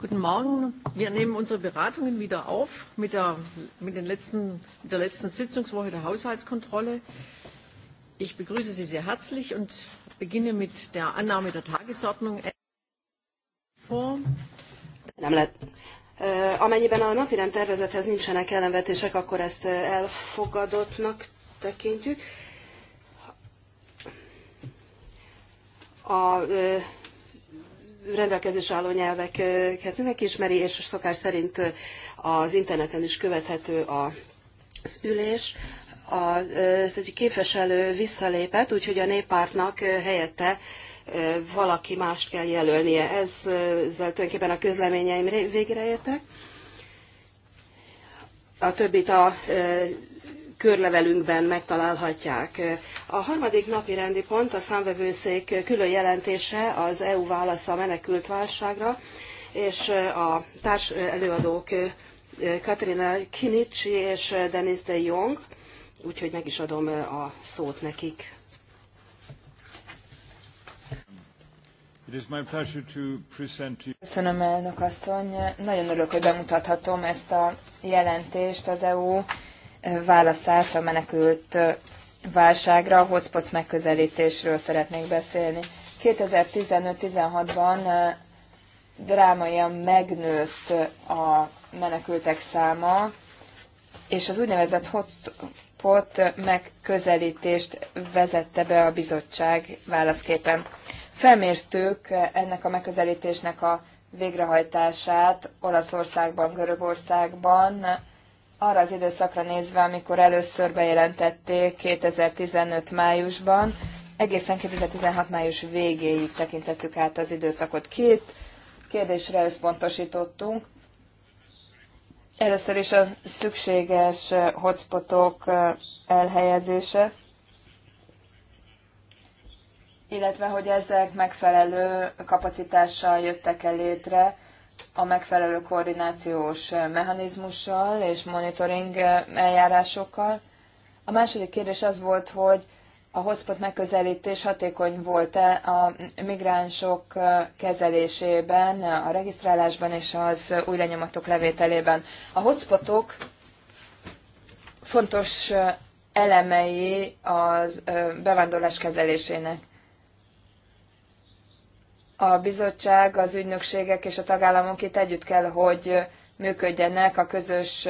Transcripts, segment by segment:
Guten Morgen. Wir nehmen unsere Beratungen wieder auf mit der, mit den letzten, mit der letzten Sitzungswoche der Haushaltskontrolle. Ich begrüße Sie sehr herzlich und beginne mit der Annahme der Tagesordnung. Vor. Amennyiben a napirend tervezethez nincsenek ellenvetések, akkor ezt elfogadottnak tekintjük. A rendelkezés álló nyelveket mindenki ismeri, és szokás szerint az interneten is követhető az ülés. Az egy képviselő visszalépett, úgyhogy a néppártnak helyette valaki mást kell jelölnie. Ezzel tulajdonképpen a közleményeim végre értek. A többit a körlevelünkben megtalálhatják. A harmadik napi rendi pont a számvevőszék külön jelentése az EU válasza a menekült válságra, és a társ előadók Katrina Kinicsi és Denis de Jong, úgyhogy meg is adom a szót nekik. Köszönöm, elnök asszony. Nagyon örülök, hogy bemutathatom ezt a jelentést az EU válaszát a menekült válságra, a hotspot megközelítésről szeretnék beszélni. 2015-16-ban drámaian megnőtt a menekültek száma, és az úgynevezett hotspot megközelítést vezette be a bizottság válaszképpen. Felmértük ennek a megközelítésnek a végrehajtását Olaszországban, Görögországban, arra az időszakra nézve, amikor először bejelentették 2015 májusban, egészen 2016 május végéig tekintettük át az időszakot. Két kérdésre összpontosítottunk. Először is a szükséges hotspotok elhelyezése, illetve hogy ezek megfelelő kapacitással jöttek el létre, a megfelelő koordinációs mechanizmussal és monitoring eljárásokkal. A második kérdés az volt, hogy a hotspot megközelítés hatékony volt-e a migránsok kezelésében, a regisztrálásban és az újranyomatok levételében. A hotspotok fontos elemei az bevándorlás kezelésének a bizottság, az ügynökségek és a tagállamok itt együtt kell, hogy működjenek a közös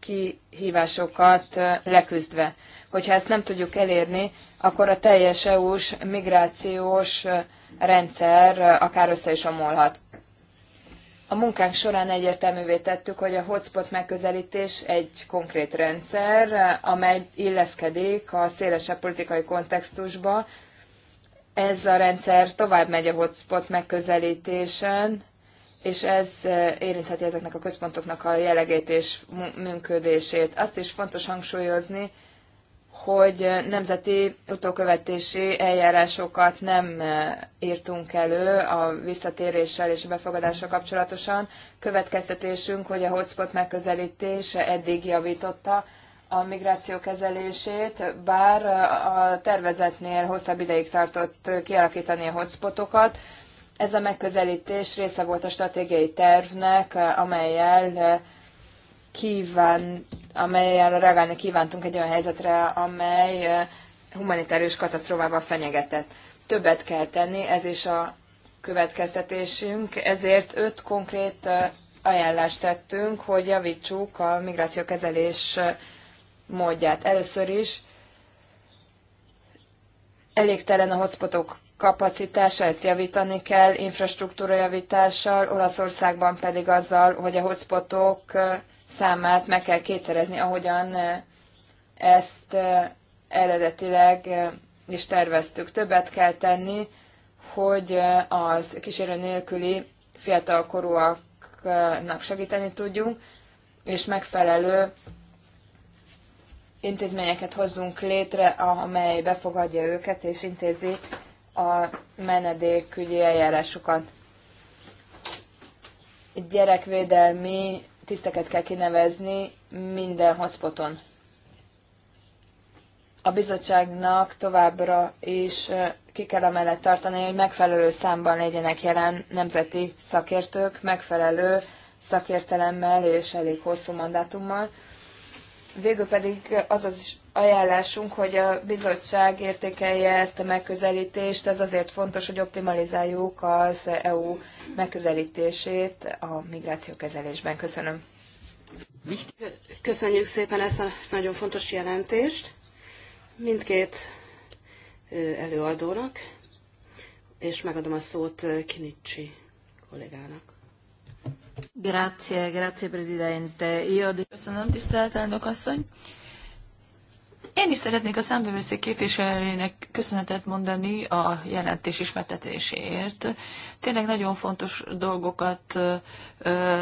kihívásokat leküzdve. Hogyha ezt nem tudjuk elérni, akkor a teljes EU-s migrációs rendszer akár össze is omolhat. A munkánk során egyértelművé tettük, hogy a hotspot megközelítés egy konkrét rendszer, amely illeszkedik a szélesebb politikai kontextusba, ez a rendszer tovább megy a hotspot megközelítésen, és ez eh, érintheti ezeknek a központoknak a jellegét és működését. Azt is fontos hangsúlyozni, hogy eh, nemzeti utókövetési eljárásokat nem eh, írtunk elő a visszatéréssel és a befogadással kapcsolatosan. Következtetésünk, hogy a hotspot megközelítése eddig javította a migráció kezelését, bár a tervezetnél hosszabb ideig tartott kialakítani a hotspotokat. Ez a megközelítés része volt a stratégiai tervnek, amelyel kíván, amelyel reagálni kívántunk egy olyan helyzetre, amely humanitárius katasztrófával fenyegetett. Többet kell tenni, ez is a következtetésünk, ezért öt konkrét ajánlást tettünk, hogy javítsuk a migráció kezelés módját. Először is elégtelen a hotspotok kapacitása, ezt javítani kell, infrastruktúra javítással, Olaszországban pedig azzal, hogy a hotspotok számát meg kell kétszerezni, ahogyan ezt eredetileg is terveztük. Többet kell tenni, hogy az kísérő nélküli fiatalkorúaknak segíteni tudjunk, és megfelelő intézményeket hozzunk létre, amely befogadja őket és intézi a menedékügyi eljárásokat. Gyerekvédelmi tiszteket kell kinevezni minden hotspoton. A bizottságnak továbbra is ki kell amellett tartani, hogy megfelelő számban legyenek jelen nemzeti szakértők, megfelelő szakértelemmel és elég hosszú mandátummal, Végül pedig az az ajánlásunk, hogy a bizottság értékelje ezt a megközelítést, ez azért fontos, hogy optimalizáljuk az EU megközelítését a migráció kezelésben Köszönöm. Köszönjük szépen ezt a nagyon fontos jelentést mindkét előadónak, és megadom a szót Kinicsi kollégának. Grazie, grazie Presidente. Io... Köszönöm, tisztelt elnök asszony. Én is szeretnék a számbevőszék képviselőjének köszönetet mondani a jelentés ismertetéséért. Tényleg nagyon fontos dolgokat ö,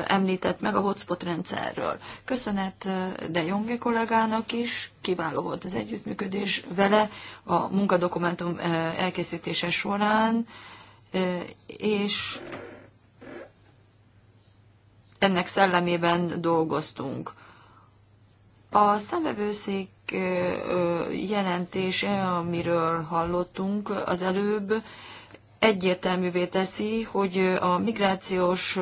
említett meg a hotspot rendszerről. Köszönet De Jonge kollégának is, kiváló volt az együttműködés vele a munkadokumentum elkészítése során, és ennek szellemében dolgoztunk. A szemevőszék jelentése, amiről hallottunk az előbb, egyértelművé teszi, hogy a migrációs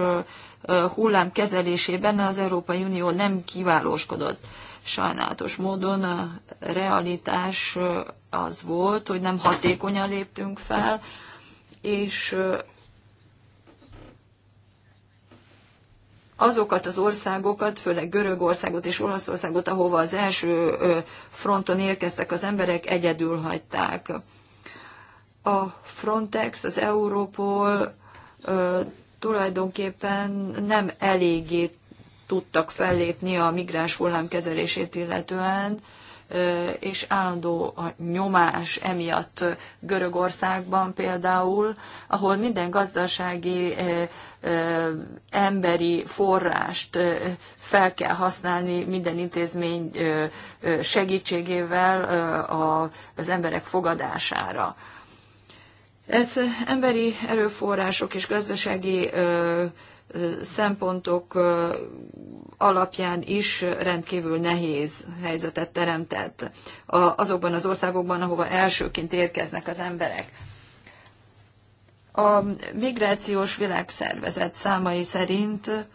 hullám kezelésében az Európai Unió nem kiválóskodott. Sajnálatos módon a realitás az volt, hogy nem hatékonyan léptünk fel, és azokat az országokat, főleg Görögországot és Olaszországot, ahova az első fronton érkeztek az emberek, egyedül hagyták. A Frontex, az Europol tulajdonképpen nem eléggé tudtak fellépni a migráns hullám kezelését illetően, és állandó a nyomás emiatt Görögországban például, ahol minden gazdasági emberi forrást fel kell használni minden intézmény segítségével az emberek fogadására. Ez emberi erőforrások és gazdasági szempontok alapján is rendkívül nehéz helyzetet teremtett azokban az országokban, ahova elsőként érkeznek az emberek. A Migrációs Világszervezet számai szerint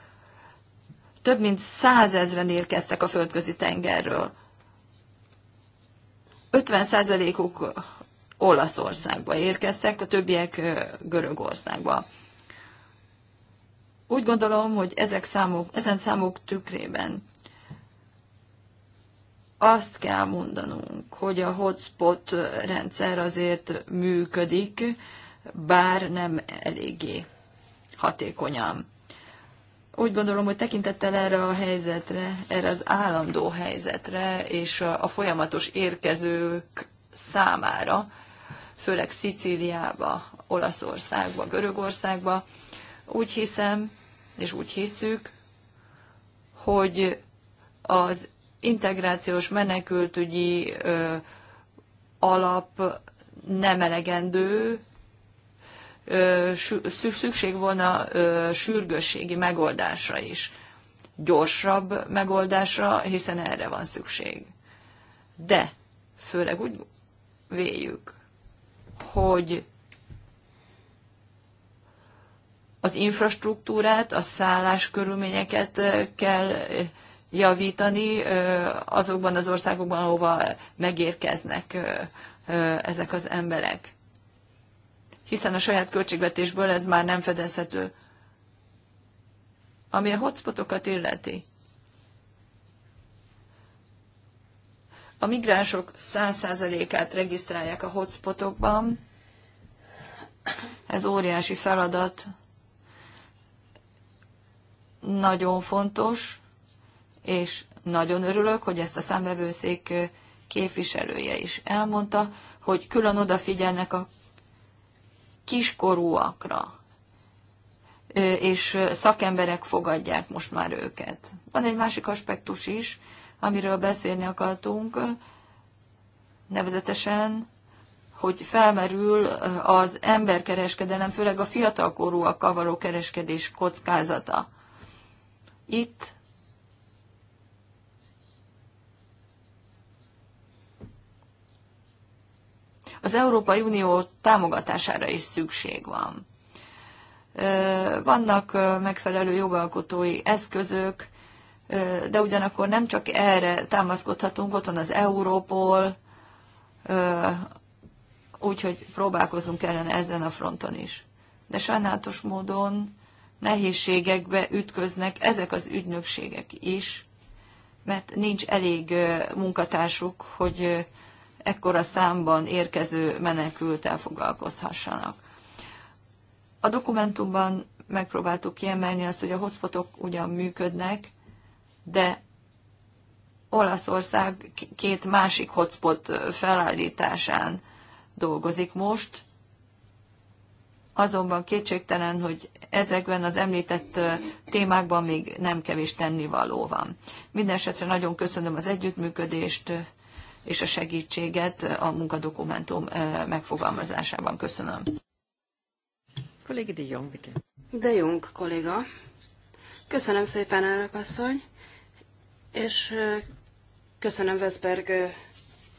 több mint százezren érkeztek a földközi tengerről. 50 százalékuk Olaszországba érkeztek, a többiek Görögországba. Úgy gondolom, hogy ezek számok, ezen számok tükrében azt kell mondanunk, hogy a hotspot rendszer azért működik, bár nem eléggé hatékonyan. Úgy gondolom, hogy tekintettel erre a helyzetre, erre az állandó helyzetre és a folyamatos érkezők számára, főleg Szicíliába, Olaszországba, Görögországba, úgy hiszem, és úgy hiszük, hogy az integrációs menekültügyi ö, alap nem elegendő, ö, szükség volna ö, sürgősségi megoldásra is, gyorsabb megoldásra, hiszen erre van szükség. De főleg úgy véljük, hogy az infrastruktúrát, a szállás körülményeket kell javítani azokban az országokban, ahova megérkeznek ezek az emberek. Hiszen a saját költségvetésből ez már nem fedezhető. Ami a hotspotokat illeti, a migránsok 100%-át regisztrálják a hotspotokban. Ez óriási feladat, nagyon fontos, és nagyon örülök, hogy ezt a számvevőszék képviselője is elmondta, hogy külön odafigyelnek a kiskorúakra, és szakemberek fogadják most már őket. Van egy másik aspektus is, amiről beszélni akartunk, nevezetesen, hogy felmerül az emberkereskedelem, főleg a fiatalkorúakkal való kereskedés kockázata. Itt az Európai Unió támogatására is szükség van. Vannak megfelelő jogalkotói eszközök, de ugyanakkor nem csak erre támaszkodhatunk, ott van az Európol, úgyhogy próbálkozunk ellen ezen a fronton is. De sajnálatos módon nehézségekbe ütköznek ezek az ügynökségek is, mert nincs elég munkatársuk, hogy ekkora számban érkező menekültel foglalkozhassanak. A dokumentumban megpróbáltuk kiemelni azt, hogy a hotspotok ugyan működnek, de Olaszország két másik hotspot felállításán dolgozik most, Azonban kétségtelen, hogy ezekben az említett témákban még nem kevés tennivaló van. Mindenesetre nagyon köszönöm az együttműködést és a segítséget a munkadokumentum megfogalmazásában. Köszönöm. Kollégi de Jong, bitte. De Jong kolléga. Köszönöm szépen, elnök asszony, és köszönöm Veszberg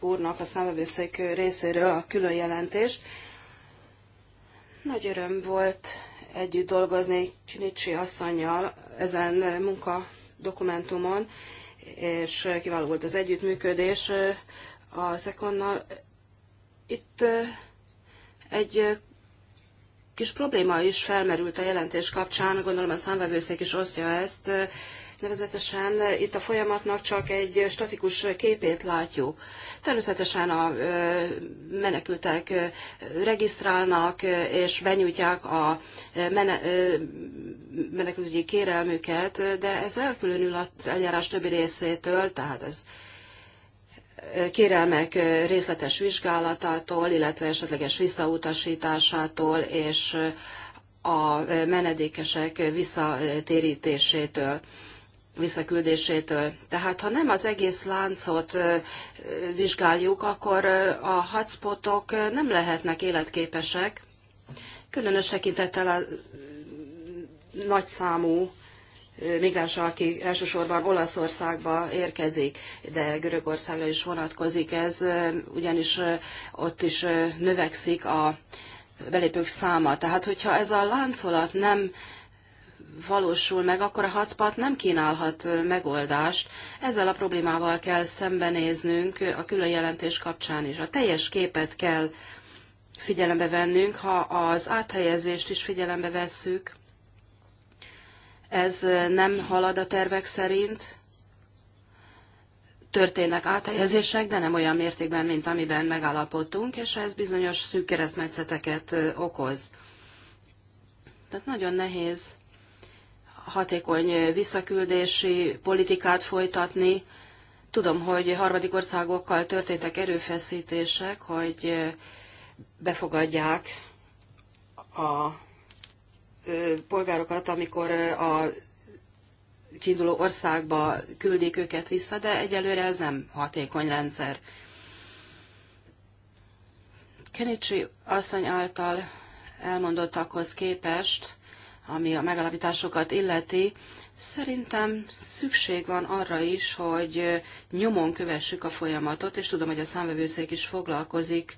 úrnak a számövőszék részéről a külön jelentést. Nagy öröm volt együtt dolgozni Csinicsi asszonynal ezen munka dokumentumon, és kiváló volt az együttműködés a Szekonnal. Itt egy kis probléma is felmerült a jelentés kapcsán, gondolom a számvevőszék is osztja ezt, Nevezetesen itt a folyamatnak csak egy statikus képét látjuk. Természetesen a menekültek regisztrálnak és benyújtják a menekültügyi kérelmüket, de ez elkülönül az eljárás többi részétől, tehát ez kérelmek részletes vizsgálatától, illetve esetleges visszautasításától és a menedékesek visszatérítésétől visszaküldésétől. Tehát ha nem az egész láncot vizsgáljuk, akkor a hotspotok nem lehetnek életképesek, különös tekintettel a nagyszámú migráns, aki elsősorban Olaszországba érkezik, de Görögországra is vonatkozik ez, ugyanis ott is növekszik a belépők száma. Tehát, hogyha ez a láncolat nem valósul meg, akkor a hotspot nem kínálhat megoldást. Ezzel a problémával kell szembenéznünk a külön jelentés kapcsán is. A teljes képet kell figyelembe vennünk, ha az áthelyezést is figyelembe vesszük. Ez nem halad a tervek szerint. Történnek áthelyezések, de nem olyan mértékben, mint amiben megállapodtunk, és ez bizonyos szűk keresztmetszeteket okoz. Tehát nagyon nehéz hatékony visszaküldési politikát folytatni. Tudom, hogy harmadik országokkal történtek erőfeszítések, hogy befogadják a polgárokat, amikor a kiinduló országba küldik őket vissza, de egyelőre ez nem hatékony rendszer. Kenichi asszony által elmondottakhoz képest ami a megalapításokat illeti, szerintem szükség van arra is, hogy nyomon kövessük a folyamatot, és tudom, hogy a számvevőszék is foglalkozik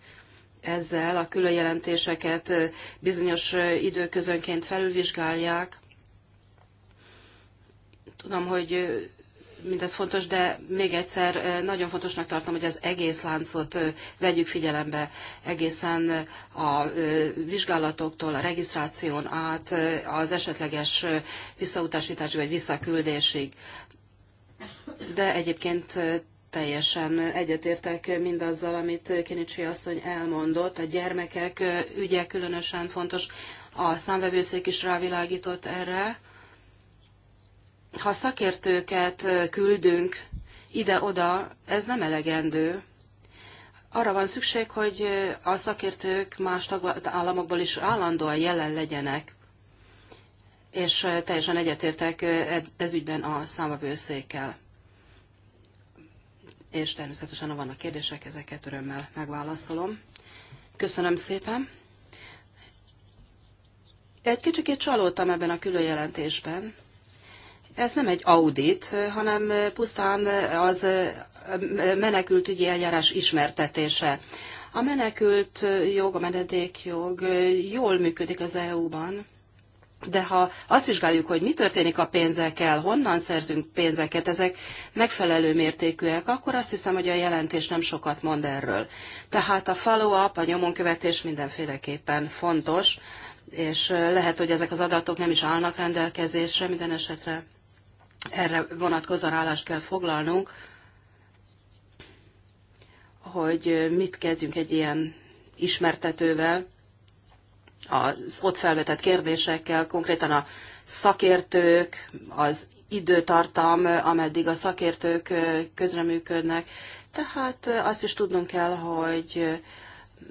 ezzel, a külön jelentéseket bizonyos időközönként felülvizsgálják. Tudom, hogy mindez fontos, de még egyszer nagyon fontosnak tartom, hogy az egész láncot vegyük figyelembe, egészen a vizsgálatoktól, a regisztráción át, az esetleges visszautasításig vagy visszaküldésig. De egyébként teljesen egyetértek mindazzal, amit Kinicsi asszony elmondott. A gyermekek ügye különösen fontos. A számvevőszék is rávilágított erre ha szakértőket küldünk ide-oda, ez nem elegendő. Arra van szükség, hogy a szakértők más államokból is állandóan jelen legyenek, és teljesen egyetértek ez ügyben a számvevőszékkel. És természetesen, ha vannak kérdések, ezeket örömmel megválaszolom. Köszönöm szépen. Egy kicsikét csalódtam ebben a különjelentésben. jelentésben ez nem egy audit, hanem pusztán az menekültügyi eljárás ismertetése. A menekült jog, a menedékjog jól működik az EU-ban, de ha azt vizsgáljuk, hogy mi történik a pénzekkel, honnan szerzünk pénzeket, ezek megfelelő mértékűek, akkor azt hiszem, hogy a jelentés nem sokat mond erről. Tehát a follow-up, a nyomonkövetés mindenféleképpen fontos, és lehet, hogy ezek az adatok nem is állnak rendelkezésre minden esetre erre vonatkozóan állást kell foglalnunk, hogy mit kezdjünk egy ilyen ismertetővel, az ott felvetett kérdésekkel, konkrétan a szakértők, az időtartam, ameddig a szakértők közreműködnek. Tehát azt is tudnunk kell, hogy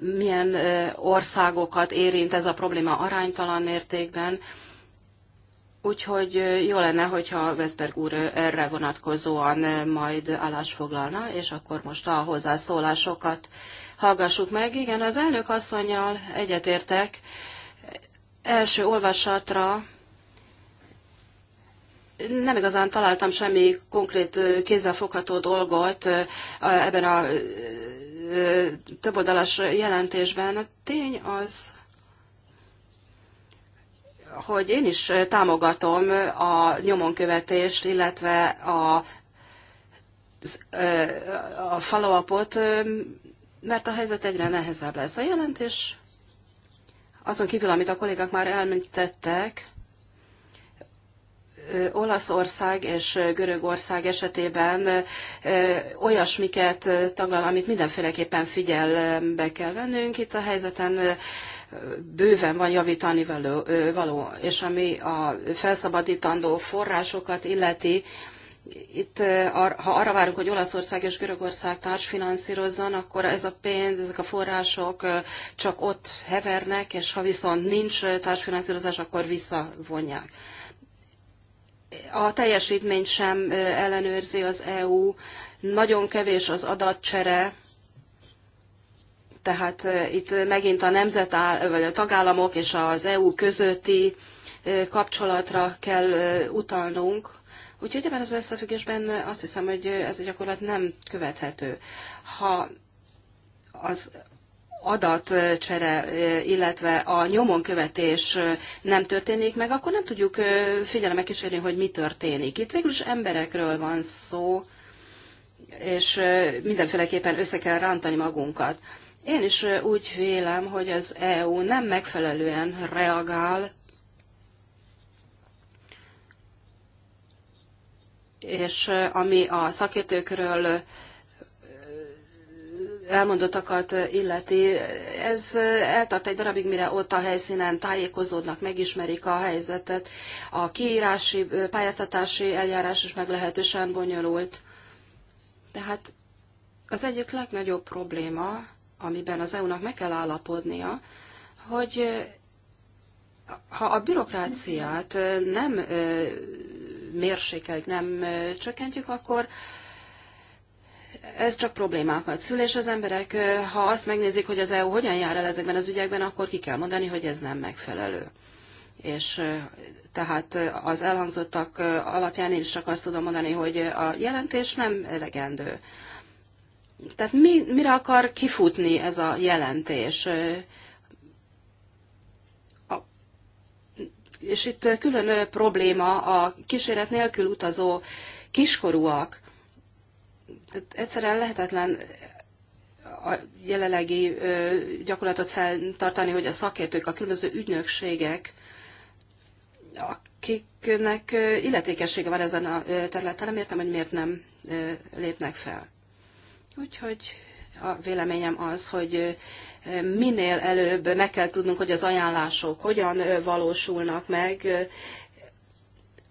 milyen országokat érint ez a probléma aránytalan mértékben, Úgyhogy jó lenne, hogyha Veszberg úr erre vonatkozóan majd állásfoglalna, és akkor most a hozzászólásokat hallgassuk meg. Igen, az elnök asszonyjal egyetértek. Első olvasatra nem igazán találtam semmi konkrét kézzelfogható dolgot ebben a többoldalas jelentésben. A tény az, hogy én is támogatom a nyomonkövetést, illetve a, a follow-upot, mert a helyzet egyre nehezebb lesz. A jelentés azon kívül, amit a kollégák már elmentettek, Olaszország és Görögország esetében olyasmiket taglal, amit mindenféleképpen figyelbe kell vennünk. Itt a helyzeten bőven van javítani való, és ami a felszabadítandó forrásokat illeti, itt ha arra várunk, hogy Olaszország és Görögország társfinanszírozzon, akkor ez a pénz, ezek a források csak ott hevernek, és ha viszont nincs társfinanszírozás, akkor visszavonják. A teljesítményt sem ellenőrzi az EU, nagyon kevés az adatcsere, tehát eh, itt megint a nemzet, vagy a tagállamok és az EU közötti eh, kapcsolatra kell eh, utalnunk. Úgyhogy ebben az összefüggésben azt hiszem, hogy ez a gyakorlat nem követhető. Ha az adatcsere, illetve a nyomonkövetés nem történik meg, akkor nem tudjuk figyelemek kísérni, hogy mi történik. Itt végül is emberekről van szó, és mindenféleképpen össze kell rántani magunkat. Én is úgy vélem, hogy az EU nem megfelelően reagál, és ami a szakértőkről elmondottakat illeti, ez eltart egy darabig, mire ott a helyszínen tájékozódnak, megismerik a helyzetet. A kiírási, pályáztatási eljárás is meglehetősen bonyolult. Tehát az egyik legnagyobb probléma, amiben az EU-nak meg kell állapodnia, hogy ha a bürokráciát nem mérsékeljük, nem csökkentjük, akkor ez csak problémákat szül, és az emberek, ha azt megnézik, hogy az EU hogyan jár el ezekben az ügyekben, akkor ki kell mondani, hogy ez nem megfelelő. És tehát az elhangzottak alapján én is csak azt tudom mondani, hogy a jelentés nem elegendő. Tehát mi, mire akar kifutni ez a jelentés? A, és itt külön probléma a kíséret nélkül utazó kiskorúak. Tehát egyszerűen lehetetlen a jelenlegi gyakorlatot feltartani, hogy a szakértők, a különböző ügynökségek, akiknek illetékessége van ezen a területen, nem értem, hogy miért nem lépnek fel. Úgyhogy a véleményem az, hogy minél előbb meg kell tudnunk, hogy az ajánlások hogyan valósulnak meg.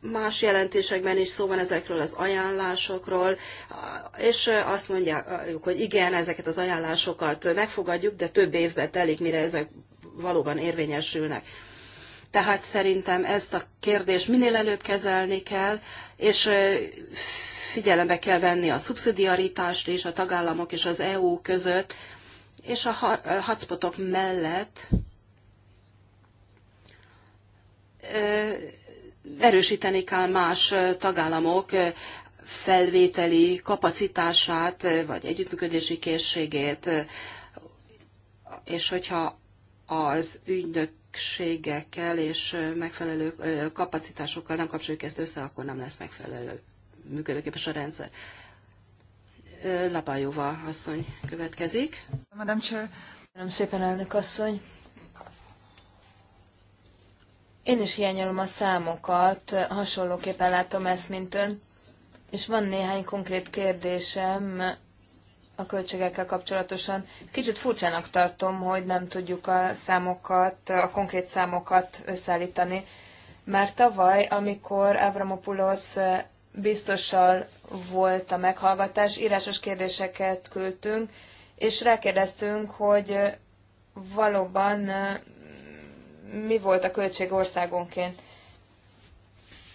Más jelentésekben is szó van ezekről az ajánlásokról, és azt mondják, hogy igen, ezeket az ajánlásokat megfogadjuk, de több évbe telik, mire ezek valóban érvényesülnek. Tehát szerintem ezt a kérdést minél előbb kezelni kell, és figyelembe kell venni a szubszidiaritást és a tagállamok és az EU között, és a hotspotok mellett erősíteni kell más tagállamok felvételi kapacitását, vagy együttműködési készségét, és hogyha az ügynökségekkel és megfelelő kapacitásokkal nem kapcsoljuk ezt össze, akkor nem lesz megfelelő működőképes a rendszer. Lapájóva asszony következik. Madam Chair. Köszönöm szépen, elnök asszony. Én is hiányolom a számokat, hasonlóképpen látom ezt, mint ön. És van néhány konkrét kérdésem a költségekkel kapcsolatosan. Kicsit furcsának tartom, hogy nem tudjuk a számokat, a konkrét számokat összeállítani. mert tavaly, amikor Avramopoulos biztossal volt a meghallgatás, írásos kérdéseket küldtünk, és rákérdeztünk, hogy valóban mi volt a költség országonként.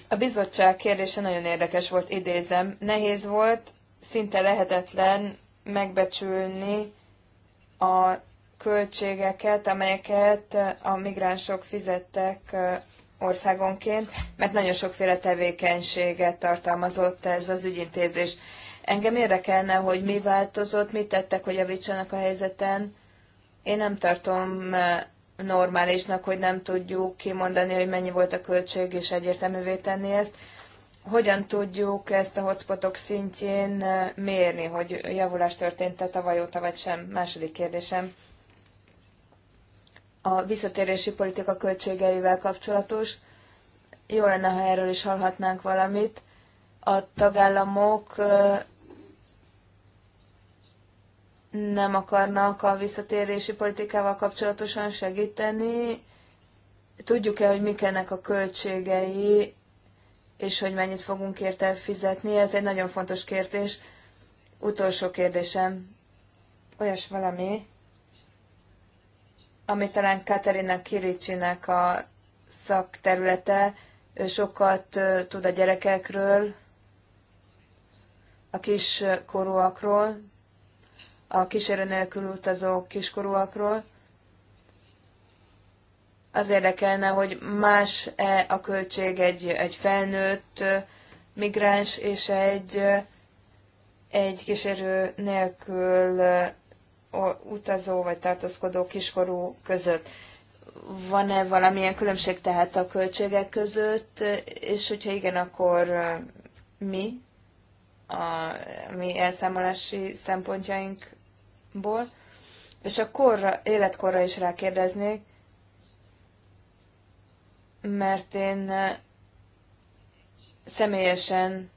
A bizottság kérdése nagyon érdekes volt, idézem. Nehéz volt, szinte lehetetlen megbecsülni a költségeket, amelyeket a migránsok fizettek országonként, mert nagyon sokféle tevékenységet tartalmazott ez az ügyintézés. Engem érdekelne, hogy mi változott, mit tettek, hogy javítsanak a helyzeten. Én nem tartom eh, normálisnak, hogy nem tudjuk kimondani, hogy mennyi volt a költség, és egyértelművé tenni ezt. Hogyan tudjuk ezt a hotspotok szintjén eh, mérni, hogy javulás történt-e tavaly óta, vagy sem? Második kérdésem a visszatérési politika költségeivel kapcsolatos. Jó lenne, ha erről is hallhatnánk valamit. A tagállamok nem akarnak a visszatérési politikával kapcsolatosan segíteni. Tudjuk-e, hogy mik ennek a költségei, és hogy mennyit fogunk érte fizetni? Ez egy nagyon fontos kérdés. Utolsó kérdésem. Olyas valami, ami talán Katerina Kiricsinek a szakterülete, ő sokat tud a gyerekekről, a kiskorúakról, a kísérő nélkül utazó kiskorúakról. Az érdekelne, hogy más-e a költség egy, egy felnőtt migráns és egy, egy kísérő nélkül utazó vagy tartózkodó kiskorú között. Van-e valamilyen különbség tehát a költségek között, és hogyha igen, akkor mi? A mi elszámolási szempontjainkból. És a korra, életkorra is rákérdeznék, mert én személyesen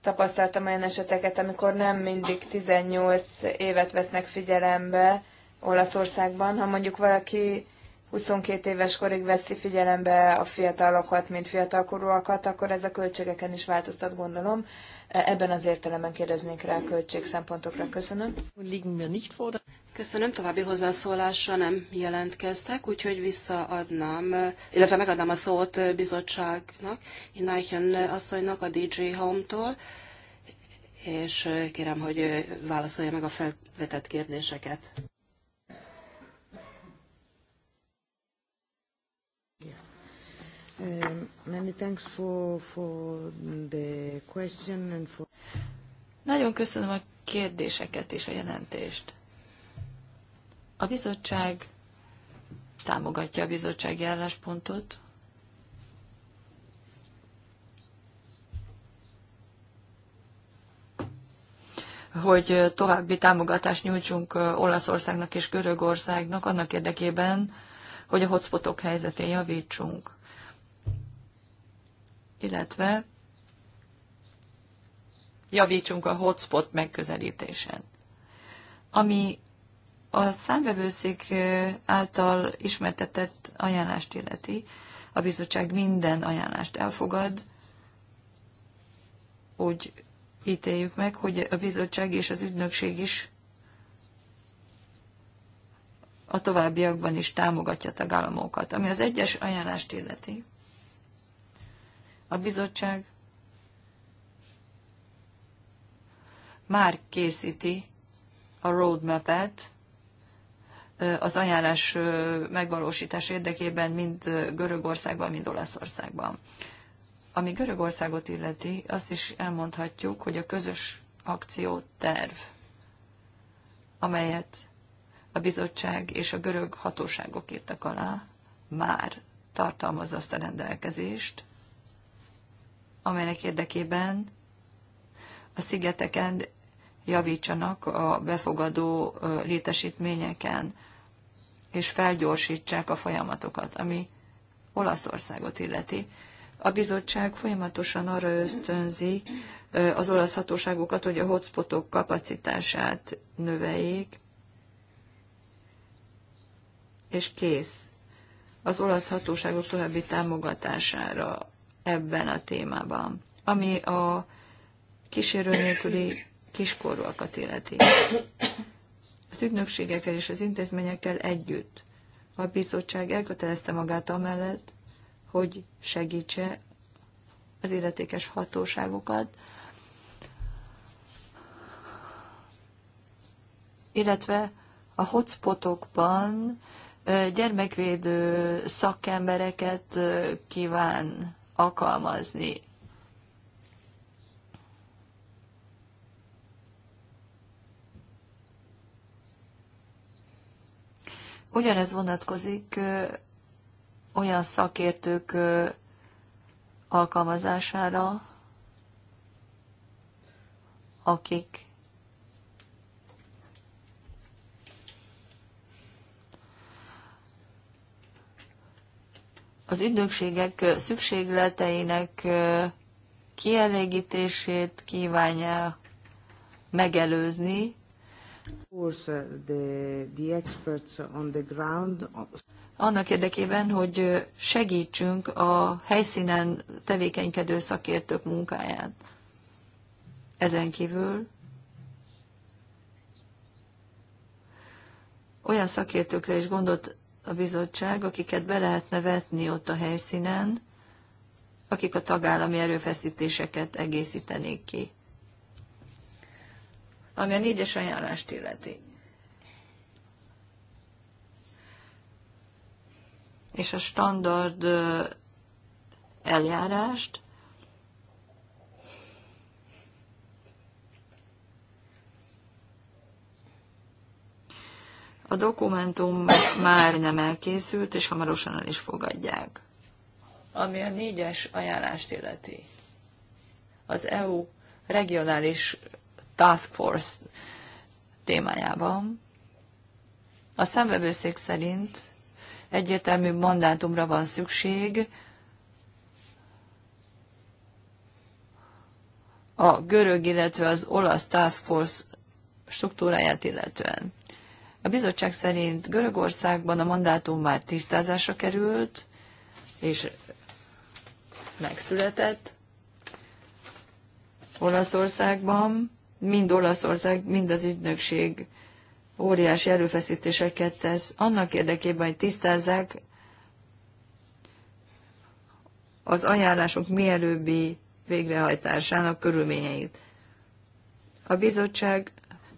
tapasztaltam olyan eseteket, amikor nem mindig 18 évet vesznek figyelembe Olaszországban, ha mondjuk valaki 22 éves korig veszi figyelembe a fiatalokat, mint fiatalkorúakat, akkor ez a költségeken is változtat, gondolom. E, ebben az értelemben kérdeznék rá a költségszempontokra. Köszönöm. Köszönöm, további hozzászólásra nem jelentkeztek, úgyhogy visszaadnám, illetve megadnám a szót bizottságnak, Inájhen asszonynak a DJ Home-tól, és kérem, hogy válaszolja meg a felvetett kérdéseket. Um, Nagyon köszönöm a kérdéseket és a jelentést. A bizottság támogatja a bizottsági álláspontot, hogy további támogatást nyújtsunk Olaszországnak és Görögországnak annak érdekében, hogy a hotspotok helyzetén javítsunk. Illetve javítsunk a hotspot megközelítésen. Ami a számbevőszék által ismertetett ajánlást illeti, a bizottság minden ajánlást elfogad, úgy ítéljük meg, hogy a bizottság és az ügynökség is a továbbiakban is támogatja a tagállamokat. Ami az egyes ajánlást illeti, a bizottság már készíti a roadmap-et, az ajánlás megvalósítás érdekében mind Görögországban, mind Olaszországban. Ami Görögországot illeti, azt is elmondhatjuk, hogy a közös akció terv, amelyet a bizottság és a görög hatóságok írtak alá, már tartalmazza azt a rendelkezést, amelynek érdekében a szigeteken javítsanak a befogadó létesítményeken és felgyorsítsák a folyamatokat, ami Olaszországot illeti. A bizottság folyamatosan arra ösztönzi az olasz hatóságokat, hogy a hotspotok kapacitását növeljék, és kész az olasz hatóságok további támogatására ebben a témában, ami a kísérő nélküli kiskorúakat illeti az ügynökségekkel és az intézményekkel együtt. A bizottság elkötelezte magát amellett, hogy segítse az illetékes hatóságokat, illetve a hotspotokban gyermekvédő szakembereket kíván alkalmazni. Ugyanez vonatkozik olyan szakértők alkalmazására, akik az ügynökségek szükségleteinek kielégítését kívánja megelőzni, Uh, uh, Annak érdekében, hogy uh, segítsünk a helyszínen tevékenykedő szakértők munkáját. Ezen kívül olyan szakértőkre is gondolt a bizottság, akiket be lehetne vetni ott a helyszínen, akik a tagállami erőfeszítéseket egészítenék ki ami a négyes ajánlást illeti. És a standard eljárást, A dokumentum már nem elkészült, és hamarosan el is fogadják. Ami a négyes ajánlást illeti. Az EU regionális Task Force témájában. A szemvevőszék szerint egyértelmű mandátumra van szükség a görög, illetve az olasz Task Force struktúráját illetően. A bizottság szerint Görögországban a mandátum már tisztázásra került, és megszületett Olaszországban, mind Olaszország, mind az ügynökség óriási erőfeszítéseket tesz annak érdekében, hogy tisztázzák az ajánlások mielőbbi végrehajtásának körülményeit. A bizottság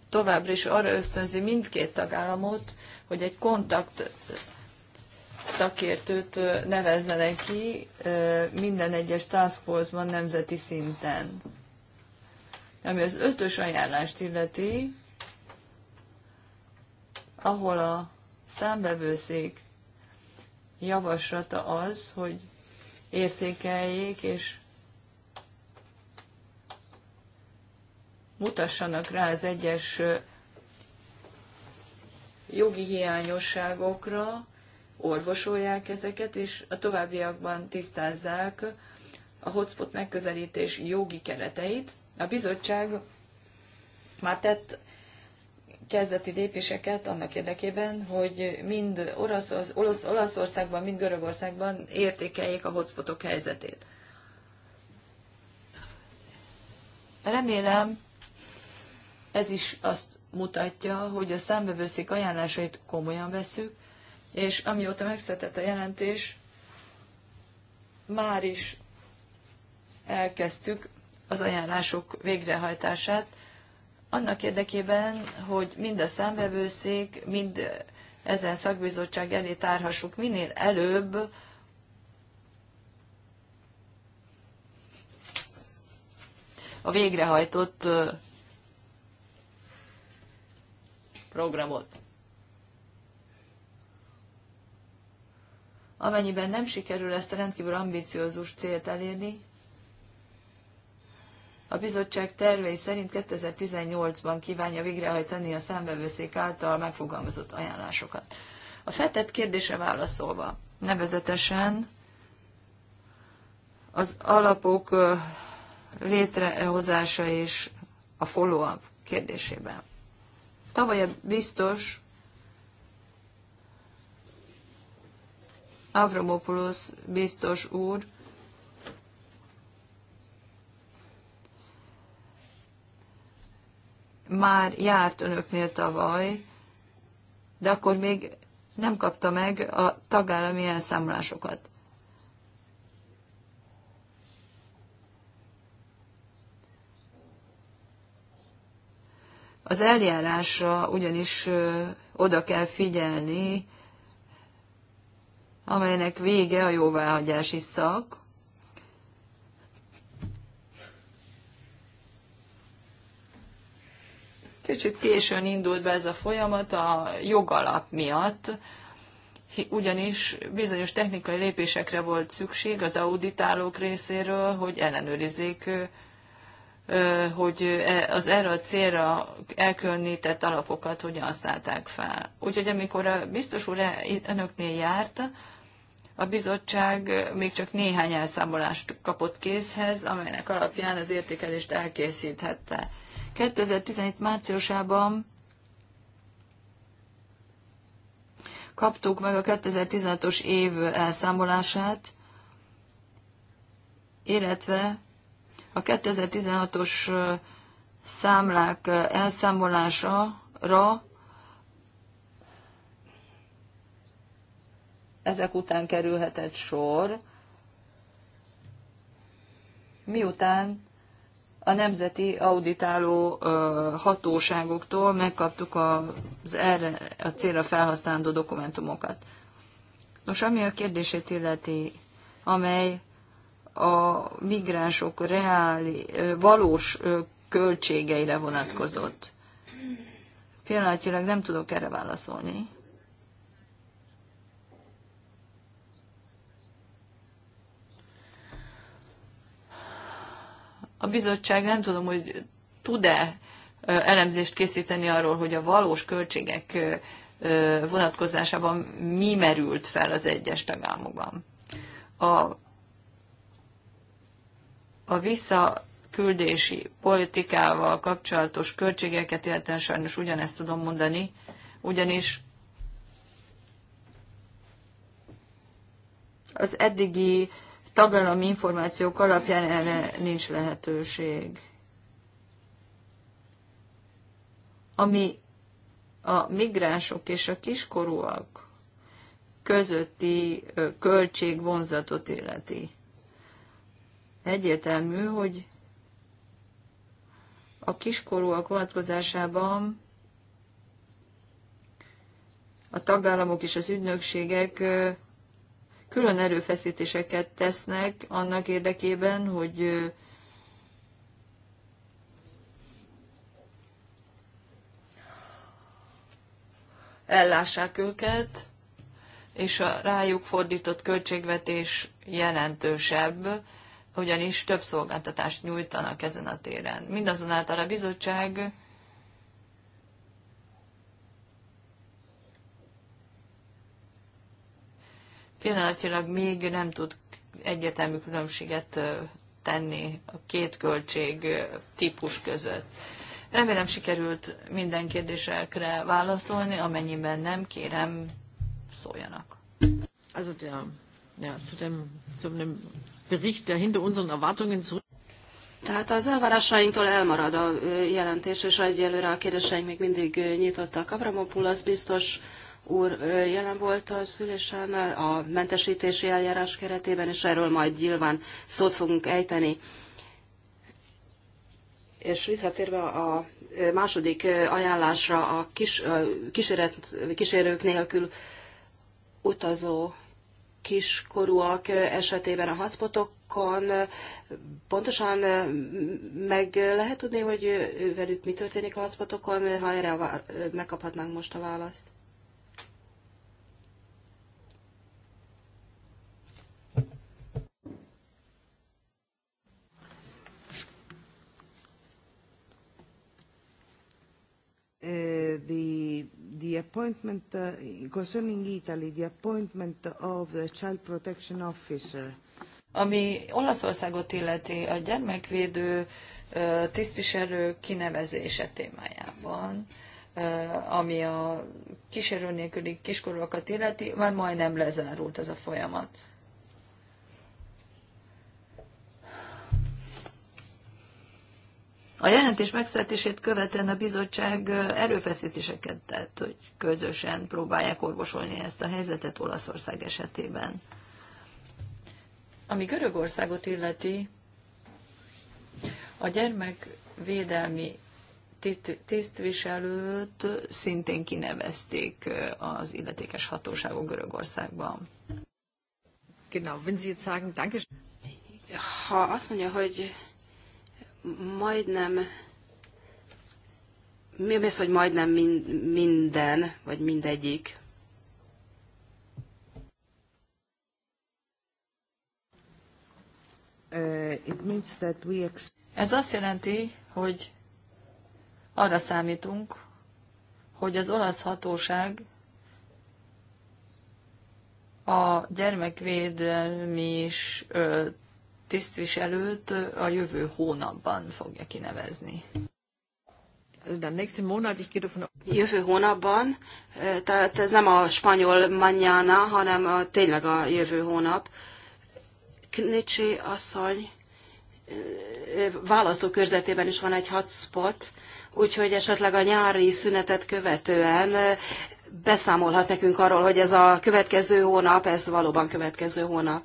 továbbra is arra ösztönzi mindkét tagállamot, hogy egy kontakt szakértőt nevezzenek ki minden egyes taskforce nemzeti szinten. Ami az ötös ajánlást illeti, ahol a számbevőszék javaslata az, hogy értékeljék és mutassanak rá az egyes jogi hiányosságokra, orvosolják ezeket, és a továbbiakban tisztázzák a hotspot megközelítés jogi kereteit, a bizottság már tett kezdeti lépéseket annak érdekében, hogy mind Olasz, Olaszországban, mind Görögországban értékeljék a hotspotok helyzetét. Remélem, ez is azt mutatja, hogy a számbevőszék ajánlásait komolyan veszük, és amióta megszületett a jelentés, már is elkezdtük az ajánlások végrehajtását, annak érdekében, hogy mind a számvevőszék, mind ezen szakbizottság elé tárhassuk minél előbb, a végrehajtott programot. Amennyiben nem sikerül ezt a rendkívül ambiciózus célt elérni, a bizottság tervei szerint 2018-ban kívánja végrehajtani a számbevőszék által megfogalmazott ajánlásokat. A feltett kérdése válaszolva, nevezetesen az alapok létrehozása és a follow-up kérdésében. Tavaly a biztos Avramopoulos biztos úr már járt önöknél tavaly, de akkor még nem kapta meg a tagállami elszámolásokat. Az eljárásra ugyanis oda kell figyelni, amelynek vége a jóváhagyási szak, Kicsit későn indult be ez a folyamat a jogalap miatt, ugyanis bizonyos technikai lépésekre volt szükség az auditálók részéről, hogy ellenőrizzék, hogy e, az erre a célra elkülönített alapokat hogyan használták fel. Úgyhogy amikor a biztos úr önöknél e, járt, a bizottság még csak néhány elszámolást kapott készhez, amelynek alapján az értékelést elkészíthette. 2017 márciusában kaptuk meg a 2016-os év elszámolását, illetve a 2016-os számlák elszámolására ezek után kerülhetett sor, miután a nemzeti auditáló hatóságoktól megkaptuk az erre a célra felhasználó dokumentumokat. Nos, ami a kérdését illeti, amely a migránsok reáli, valós költségeire vonatkozott. Pillanatilag nem tudok erre válaszolni. A bizottság nem tudom, hogy tud-e elemzést készíteni arról, hogy a valós költségek vonatkozásában mi merült fel az egyes tagállamokban. A, a visszaküldési politikával kapcsolatos költségeket illetően sajnos ugyanezt tudom mondani, ugyanis az eddigi tagállami információk alapján erre nincs lehetőség. Ami a migránsok és a kiskorúak közötti költségvonzatot illeti. Egyértelmű, hogy a kiskorúak vonatkozásában a tagállamok és az ügynökségek külön erőfeszítéseket tesznek annak érdekében, hogy ellássák őket, és a rájuk fordított költségvetés jelentősebb, ugyanis több szolgáltatást nyújtanak ezen a téren. Mindazonáltal a bizottság pillanatilag még nem tud egyetemű különbséget tenni a két költség típus között. Remélem sikerült minden kérdésekre válaszolni, amennyiben nem, kérem szóljanak. Also der, ja, zu dem, zu dem Bericht, der hinter unseren Erwartungen zurück tehát az elvárásainktól elmarad a jelentés, és egyelőre a kérdéseink még mindig nyitottak. Abramopoulos biztos úr jelen volt a szülésen a mentesítési eljárás keretében, és erről majd nyilván szót fogunk ejteni. És visszatérve a második ajánlásra a kis, kíséret, kísérők nélkül utazó kiskorúak esetében a hotspotokon pontosan meg lehet tudni, hogy velük mi történik a hotspotokon, ha erre megkaphatnánk most a választ? appointment uh, concerning Italy, the appointment of the child protection officer. Ami Olaszországot illeti a gyermekvédő uh, tisztviselő kinevezése témájában, ami a kísérő nélküli kiskorúakat illeti, már majdnem lezárult ez a folyamat. A jelentés megszületését követően a bizottság erőfeszítéseket tett, hogy közösen próbálják orvosolni ezt a helyzetet Olaszország esetében. Ami Görögországot illeti, a gyermekvédelmi tisztviselőt szintén kinevezték az illetékes hatóságok Görögországban. Genau, wenn Sie jetzt sagen, danke. Ha azt mondja, hogy majdnem mi az, hogy majdnem minden, vagy mindegyik? Uh, Ez azt jelenti, hogy arra számítunk, hogy az olasz hatóság a gyermekvédelmi is tisztviselőt a jövő hónapban fogja kinevezni. Jövő hónapban, tehát ez nem a spanyol manjána, hanem a, tényleg a jövő hónap. Knicsi asszony választókörzetében is van egy hotspot, úgyhogy esetleg a nyári szünetet követően beszámolhat nekünk arról, hogy ez a következő hónap, ez valóban következő hónap.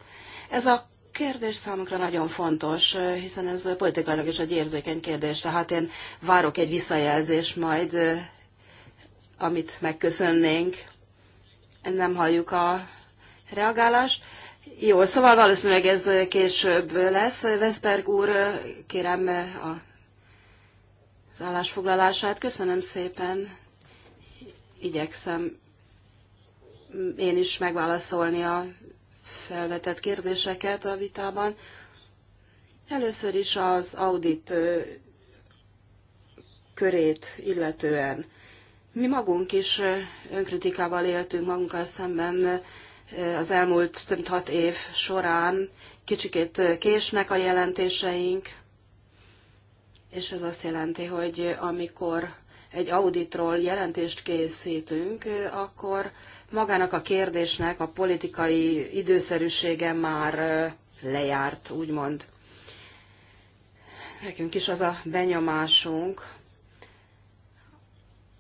Ez a kérdés számunkra nagyon fontos, hiszen ez politikailag is egy érzékeny kérdés, tehát én várok egy visszajelzés majd, amit megköszönnénk. Nem halljuk a reagálást. Jó, szóval valószínűleg ez később lesz. Veszberg úr, kérem a, az állásfoglalását. Köszönöm szépen. Igyekszem én is megválaszolni a felvetett kérdéseket a vitában. Először is az audit körét illetően. Mi magunk is önkritikával éltünk magunkkal szemben az elmúlt több mint hat év során. Kicsikét késnek a jelentéseink, és ez azt jelenti, hogy amikor egy auditról jelentést készítünk, akkor magának a kérdésnek a politikai időszerűsége már lejárt, úgymond. Nekünk is az a benyomásunk,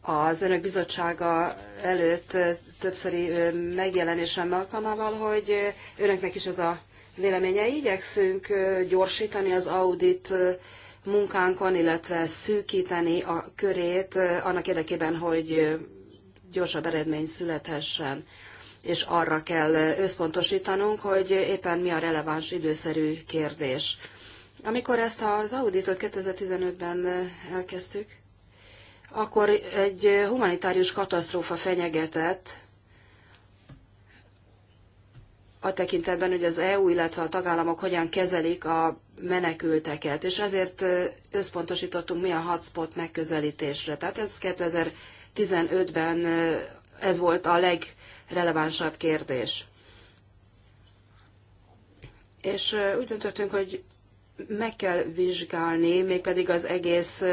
az önök bizottsága előtt többszöri megjelenésem alkalmával, hogy önöknek is az a véleménye. Igyekszünk gyorsítani az audit munkánkon, illetve szűkíteni a körét eh, annak érdekében, hogy eh, gyorsabb eredmény születhessen és arra kell eh, összpontosítanunk, hogy éppen mi a releváns időszerű kérdés. Amikor ezt az auditot 2015-ben elkezdtük, akkor egy humanitárius katasztrófa fenyegetett, a tekintetben, hogy az EU, illetve a tagállamok hogyan kezelik a menekülteket, és ezért összpontosítottunk mi a hotspot megközelítésre. Tehát ez 2015-ben ez volt a legrelevánsabb kérdés. És úgy döntöttünk, hogy meg kell vizsgálni, mégpedig az egész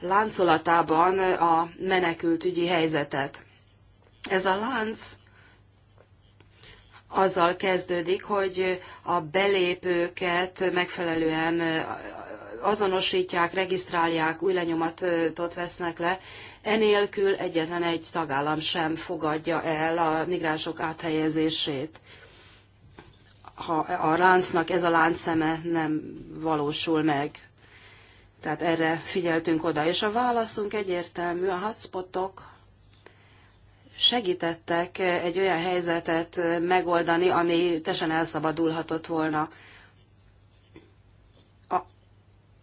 láncolatában a menekültügyi helyzetet. Ez a lánc azzal kezdődik, hogy a belépőket megfelelően azonosítják, regisztrálják, új lenyomatot vesznek le. Enélkül egyetlen egy tagállam sem fogadja el a migránsok áthelyezését. Ha a láncnak ez a láncszeme nem valósul meg. Tehát erre figyeltünk oda. És a válaszunk egyértelmű, a hotspotok segítettek egy olyan helyzetet megoldani, ami teljesen elszabadulhatott volna. A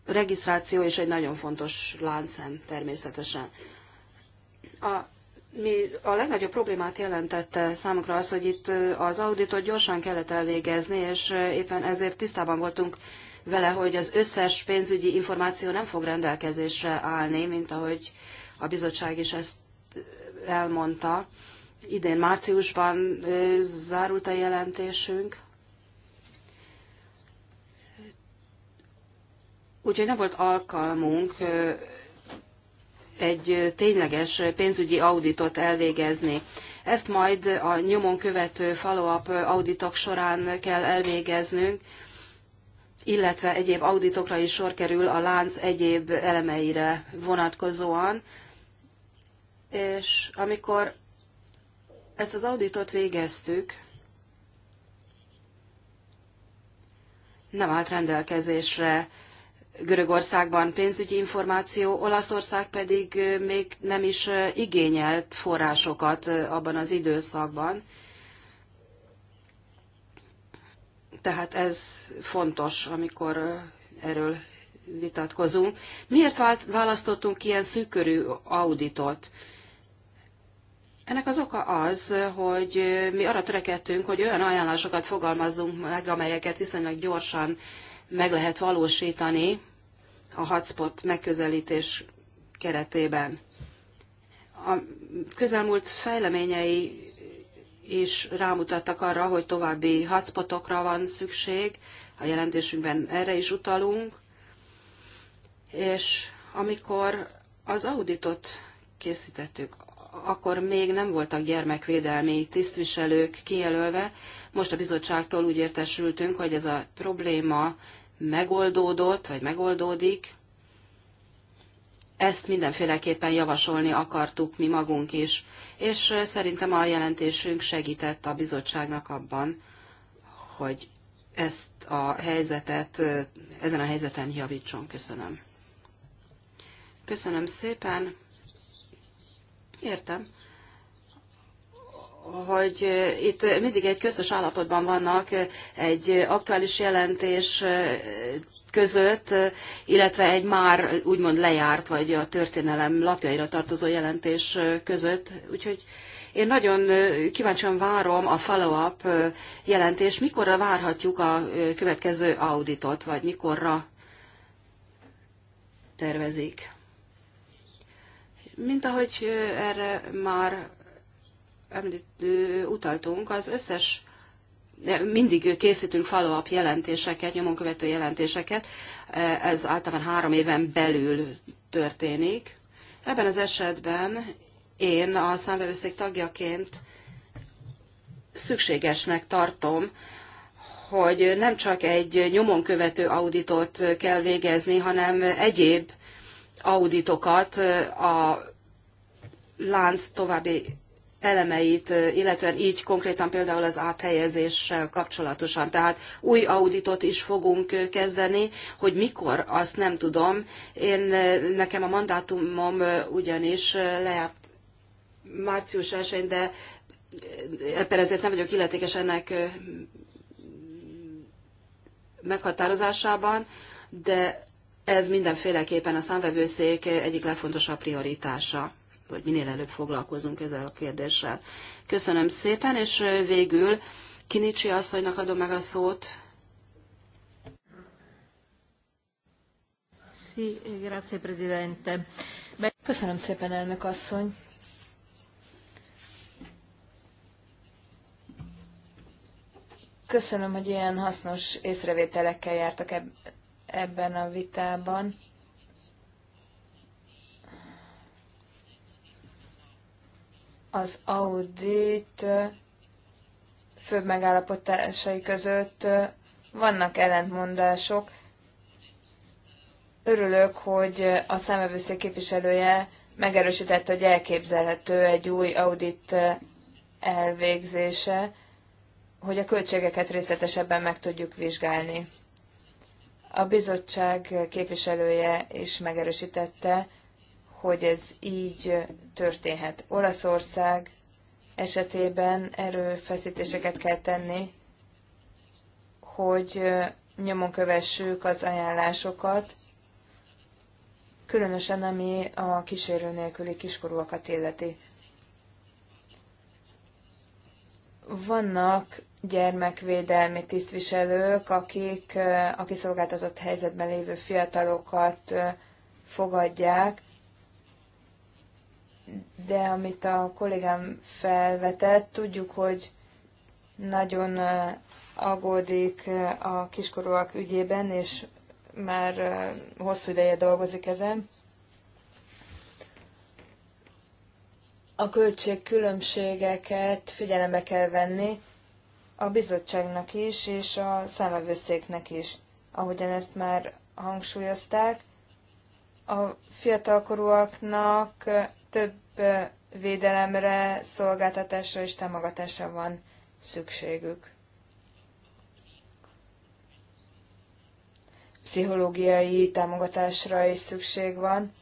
regisztráció is egy nagyon fontos láncszem természetesen. A, mi, a legnagyobb problémát jelentette számunkra az, hogy itt az auditot gyorsan kellett elvégezni, és éppen ezért tisztában voltunk vele, hogy az összes pénzügyi információ nem fog rendelkezésre állni, mint ahogy a bizottság is ezt elmondta. Idén márciusban zárult a jelentésünk. Úgyhogy nem volt alkalmunk egy tényleges pénzügyi auditot elvégezni. Ezt majd a nyomon követő follow-up auditok során kell elvégeznünk, illetve egyéb auditokra is sor kerül a lánc egyéb elemeire vonatkozóan, és amikor ezt az auditot végeztük, nem állt rendelkezésre Görögországban pénzügyi információ, Olaszország pedig még nem is igényelt forrásokat abban az időszakban. Tehát ez fontos, amikor erről vitatkozunk. Miért választottunk ilyen szűkörű auditot? Ennek az oka az, hogy mi arra törekedtünk, hogy olyan ajánlásokat fogalmazzunk meg, amelyeket viszonylag gyorsan meg lehet valósítani a hotspot megközelítés keretében. A közelmúlt fejleményei is rámutattak arra, hogy további hotspotokra van szükség, a jelentésünkben erre is utalunk, és amikor az auditot készítettük akkor még nem voltak gyermekvédelmi tisztviselők kijelölve. Most a bizottságtól úgy értesültünk, hogy ez a probléma megoldódott, vagy megoldódik. Ezt mindenféleképpen javasolni akartuk mi magunk is, és szerintem a jelentésünk segített a bizottságnak abban, hogy ezt a helyzetet, ezen a helyzeten javítson. Köszönöm. Köszönöm szépen. Értem hogy eh, itt mindig egy közös állapotban vannak eh, egy aktuális jelentés eh, között, illetve egy már úgymond lejárt, vagy a történelem lapjaira tartozó jelentés között. Úgyhogy én nagyon kíváncsian várom a follow-up jelentést. Mikorra várhatjuk a következő auditot, vagy mikorra tervezik? Mint ahogy erre már említ, utaltunk, az összes mindig készítünk follow-up jelentéseket, nyomonkövető jelentéseket, e, ez általában három éven belül történik. Ebben az esetben én a számvevőszék tagjaként szükségesnek tartom, hogy nem csak egy nyomonkövető auditot kell végezni, hanem egyéb auditokat a lánc további elemeit, illetve így konkrétan például az áthelyezéssel kapcsolatosan. Tehát új auditot is fogunk kezdeni, hogy mikor, azt nem tudom. Én, nekem a mandátumom ugyanis lejárt március 1 de ebben ezért nem vagyok illetékes ennek meghatározásában, de ez mindenféleképpen a számvevőszék egyik legfontosabb prioritása hogy minél előbb foglalkozunk ezzel a kérdéssel. Köszönöm szépen, és végül Kinicsi asszonynak adom meg a szót. Köszönöm szépen, elnök asszony. Köszönöm, hogy ilyen hasznos észrevételekkel jártak ebben a vitában. az audit főbb megállapotásai között vannak ellentmondások. Örülök, hogy a számövőszék képviselője megerősített, hogy elképzelhető egy új audit elvégzése, hogy a költségeket részletesebben meg tudjuk vizsgálni. A bizottság képviselője is megerősítette, hogy ez így történhet. Olaszország esetében erőfeszítéseket kell tenni, hogy nyomon kövessük az ajánlásokat, különösen ami a kísérő nélküli kiskorúakat illeti. Vannak gyermekvédelmi tisztviselők, akik a kiszolgáltatott helyzetben lévő fiatalokat fogadják, de amit a kollégám felvetett, tudjuk, hogy nagyon aggódik a kiskorúak ügyében, és már hosszú ideje dolgozik ezen. A költség különbségeket figyelembe kell venni a bizottságnak is, és a számvevőszéknek is. Ahogyan ezt már hangsúlyozták, a fiatalkorúaknak több védelemre, szolgáltatásra és támogatásra van szükségük. Pszichológiai támogatásra is szükség van.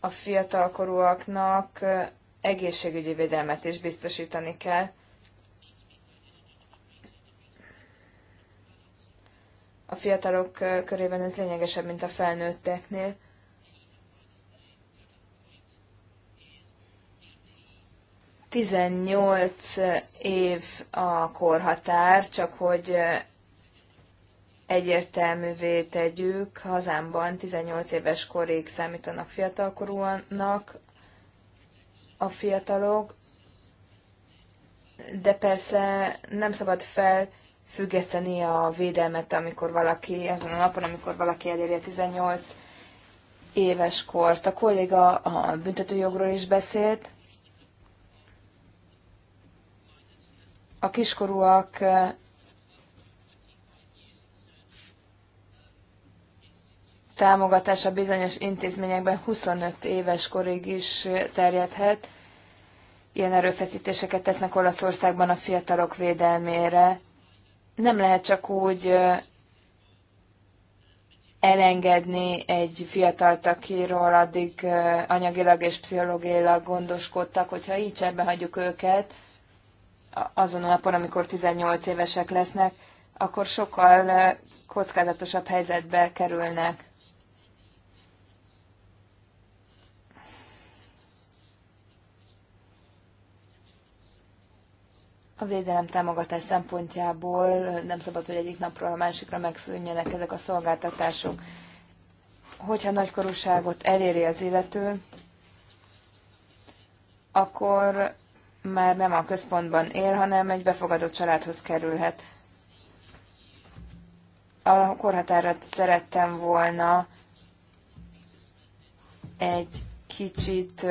A fiatalkorúaknak egészségügyi védelmet is biztosítani kell. A fiatalok körében ez lényegesebb, mint a felnőtteknél. 18 év a korhatár, csak hogy egyértelművé tegyük, hazámban 18 éves korig számítanak fiatalkorúnak a fiatalok, de persze nem szabad felfüggeszteni a védelmet, amikor valaki, azon a napon, amikor valaki eléri a 18 éves kort. A kolléga a büntetőjogról is beszélt, a kiskorúak támogatása bizonyos intézményekben 25 éves korig is terjedhet. Ilyen erőfeszítéseket tesznek Olaszországban a fiatalok védelmére. Nem lehet csak úgy elengedni egy fiatal akiről addig anyagilag és pszichológiailag gondoskodtak, hogyha így cserbe hagyjuk őket, azon a napon, amikor 18 évesek lesznek, akkor sokkal kockázatosabb helyzetbe kerülnek. A védelem támogatás szempontjából nem szabad, hogy egyik napról a másikra megszűnjenek ezek a szolgáltatások. Hogyha nagykorúságot eléri az illető, akkor már nem a központban él, hanem egy befogadott családhoz kerülhet. A korhatárra szerettem volna egy kicsit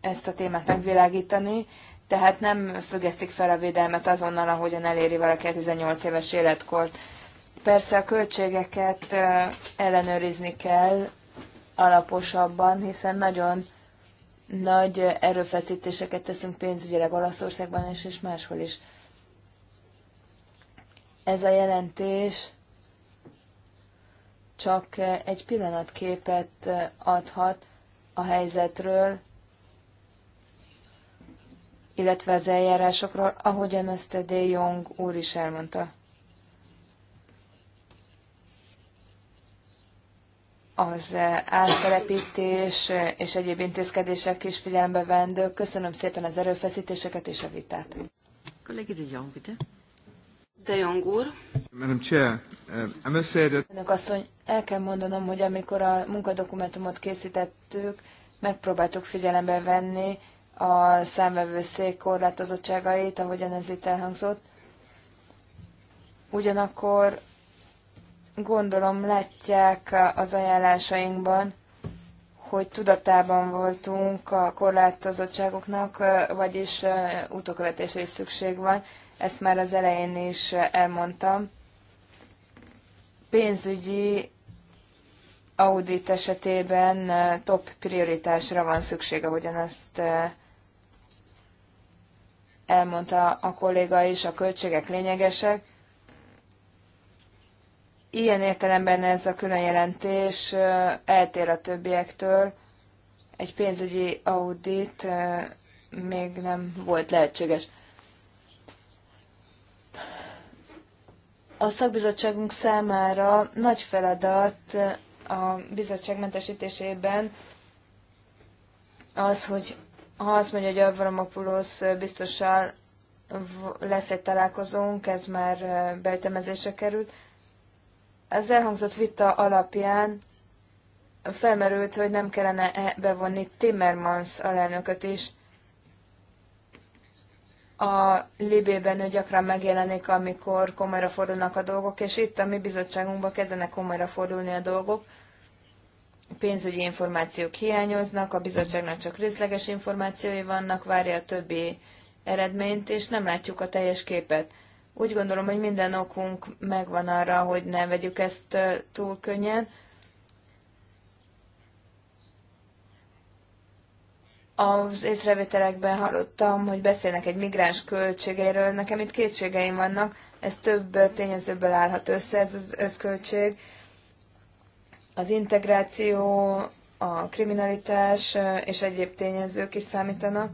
ezt a témát megvilágítani, tehát nem függesztik fel a védelmet azonnal, ahogyan eléri valaki a 18 éves életkort. Persze a költségeket ellenőrizni kell alaposabban, hiszen nagyon nagy erőfeszítéseket teszünk pénzügyileg Olaszországban és, és máshol is. Ez a jelentés csak egy pillanatképet adhat a helyzetről, illetve az eljárásokról, ahogyan ezt a De Jong úr is elmondta. az áttelepítés és egyéb intézkedések is figyelembe vendő. Köszönöm szépen az erőfeszítéseket és a vitát. Kollégi de Jong, bitte. De Jong úr. Madam Chair, uh, I must say that... Önök asszony, el kell mondanom, hogy amikor a munkadokumentumot készítettük, megpróbáltuk figyelembe venni a számvevőszék korlátozottságait, ahogyan ez itt elhangzott. Ugyanakkor Gondolom látják az ajánlásainkban, hogy tudatában voltunk a korlátozottságoknak, vagyis utókövetésre is szükség van. Ezt már az elején is elmondtam. Pénzügyi audit esetében top prioritásra van szükség, ahogyan ezt elmondta a kolléga is, a költségek lényegesek, Ilyen értelemben ez a külön jelentés eltér a többiektől. Egy pénzügyi audit még nem volt lehetséges. A szakbizottságunk számára nagy feladat a bizottság mentesítésében az, hogy ha azt mondja, hogy Avramopoulos biztosan lesz egy találkozónk, ez már beütemezésre került, az elhangzott vita alapján felmerült, hogy nem kellene -e bevonni Timmermans alelnököt is. A Libében ő gyakran megjelenik, amikor komolyra fordulnak a dolgok, és itt a mi bizottságunkban kezdenek komolyra fordulni a dolgok. Pénzügyi információk hiányoznak, a bizottságnak csak részleges információi vannak, várja a többi eredményt, és nem látjuk a teljes képet. Úgy gondolom, hogy minden okunk megvan arra, hogy ne vegyük ezt túl könnyen. az észrevételekben hallottam, hogy beszélnek egy migráns költségeiről. Nekem itt kétségeim vannak, ez több tényezőből állhat össze, ez az összköltség. Az integráció, a kriminalitás és egyéb tényezők is számítanak.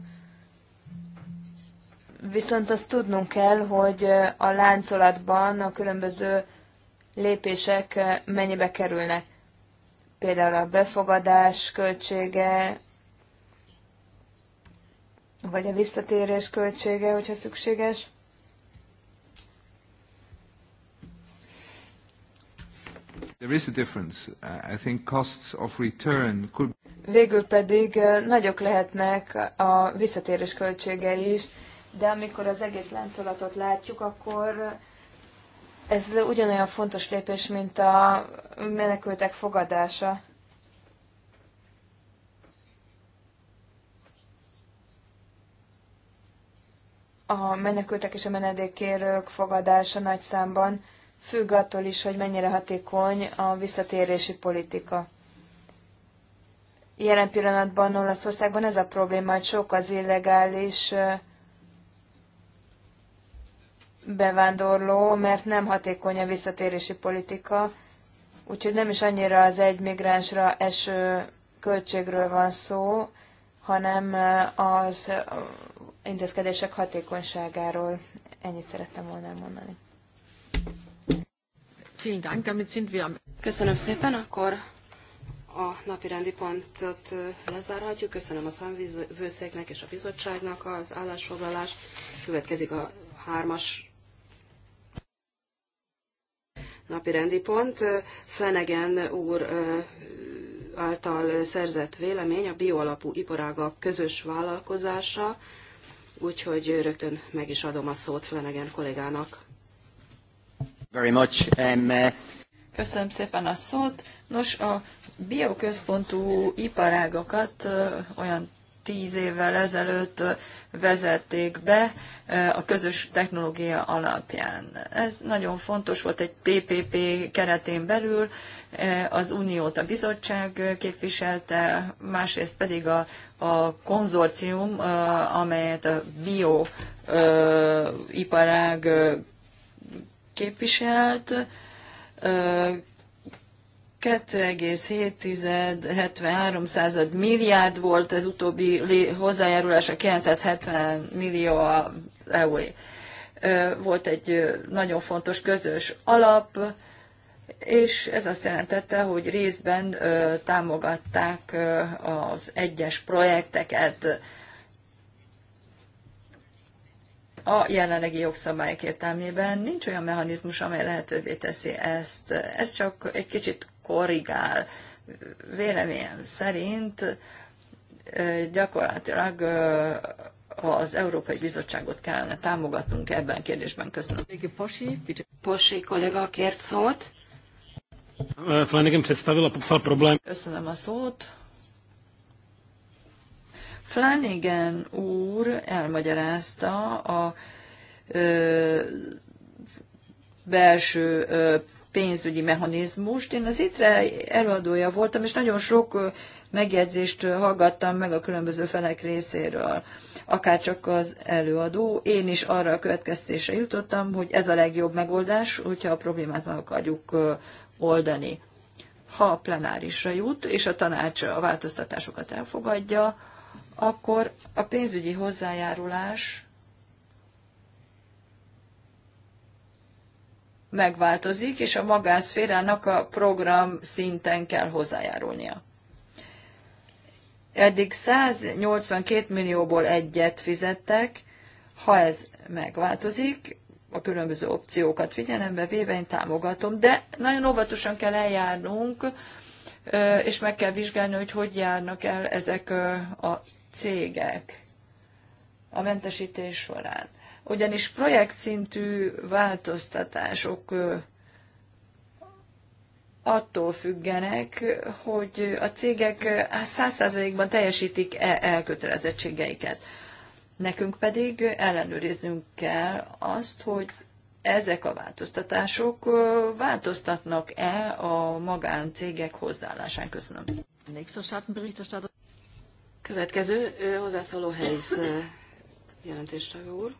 Viszont azt tudnunk kell, hogy a láncolatban a különböző lépések mennyibe kerülnek. Például a befogadás költsége, vagy a visszatérés költsége, hogyha szükséges. There is a difference. Uh, I think costs of return could... Végül pedig nagyok lehetnek a visszatérés költsége is, de amikor az egész láncolatot látjuk, akkor ez ugyanolyan fontos lépés, mint a menekültek fogadása. A menekültek és a menedékkérők fogadása nagy számban függ attól is, hogy mennyire hatékony a visszatérési politika. Jelen pillanatban Olaszországban ez a probléma, hogy sok az illegális bevándorló, mert nem hatékony a visszatérési politika, úgyhogy nem is annyira az egy migránsra eső költségről van szó, hanem eh, az eh, intézkedések hatékonyságáról. Ennyit szerettem volna mondani. Köszönöm szépen, akkor a napi rendi pontot eh, lezárhatjuk. Köszönöm a számvőszéknek és a bizottságnak az állásfoglalást. Következik a hármas napi rendi pont. Flanagan úr által szerzett vélemény a bioalapú iparágak közös vállalkozása, úgyhogy rögtön meg is adom a szót Flanagan kollégának. Very much. Um, uh... Köszönöm szépen a szót. Nos, a bioközpontú iparágakat olyan tíz évvel ezelőtt vezették be a közös technológia alapján. Ez nagyon fontos volt egy PPP keretén belül, az Uniót a bizottság képviselte, másrészt pedig a, a konzorcium, amelyet a bioiparág képviselt, 2,73 milliárd volt az utóbbi hozzájárulása, 970 millió EU Volt egy nagyon fontos közös alap, és ez azt jelentette, hogy részben támogatták az egyes projekteket a jelenlegi jogszabályok értelmében nincs olyan mechanizmus, amely lehetővé teszi ezt. Ez csak egy kicsit korrigál. Véleményem szerint gyakorlatilag az Európai Bizottságot kellene támogatnunk ebben a kérdésben. Köszönöm. Posi, kollega kért szót. Flanagan przedstavila, problém. Köszönöm a szót. Flanagan úr elmagyarázta a ö, belső ö, pénzügyi mechanizmust. Én az ITRE előadója voltam, és nagyon sok megjegyzést hallgattam meg a különböző felek részéről. Akárcsak az előadó, én is arra a következtésre jutottam, hogy ez a legjobb megoldás, hogyha a problémát meg akarjuk oldani. Ha a plenárisra jut, és a tanács a változtatásokat elfogadja, akkor a pénzügyi hozzájárulás megváltozik, és a magánszférának a program szinten kell hozzájárulnia. Eddig 182 millióból egyet fizettek, ha ez megváltozik, a különböző opciókat figyelembe véve én támogatom, de nagyon óvatosan kell eljárnunk, és meg kell vizsgálni, hogy hogy járnak el ezek a cégek a mentesítés során ugyanis projektszintű változtatások attól függenek, hogy a cégek 100%-ban teljesítik-e elkötelezettségeiket. Nekünk pedig ellenőriznünk kell azt, hogy ezek a változtatások változtatnak-e a magáncégek hozzáállásán. Köszönöm. Következő hozzászóló Helyz jelentéstevő úr.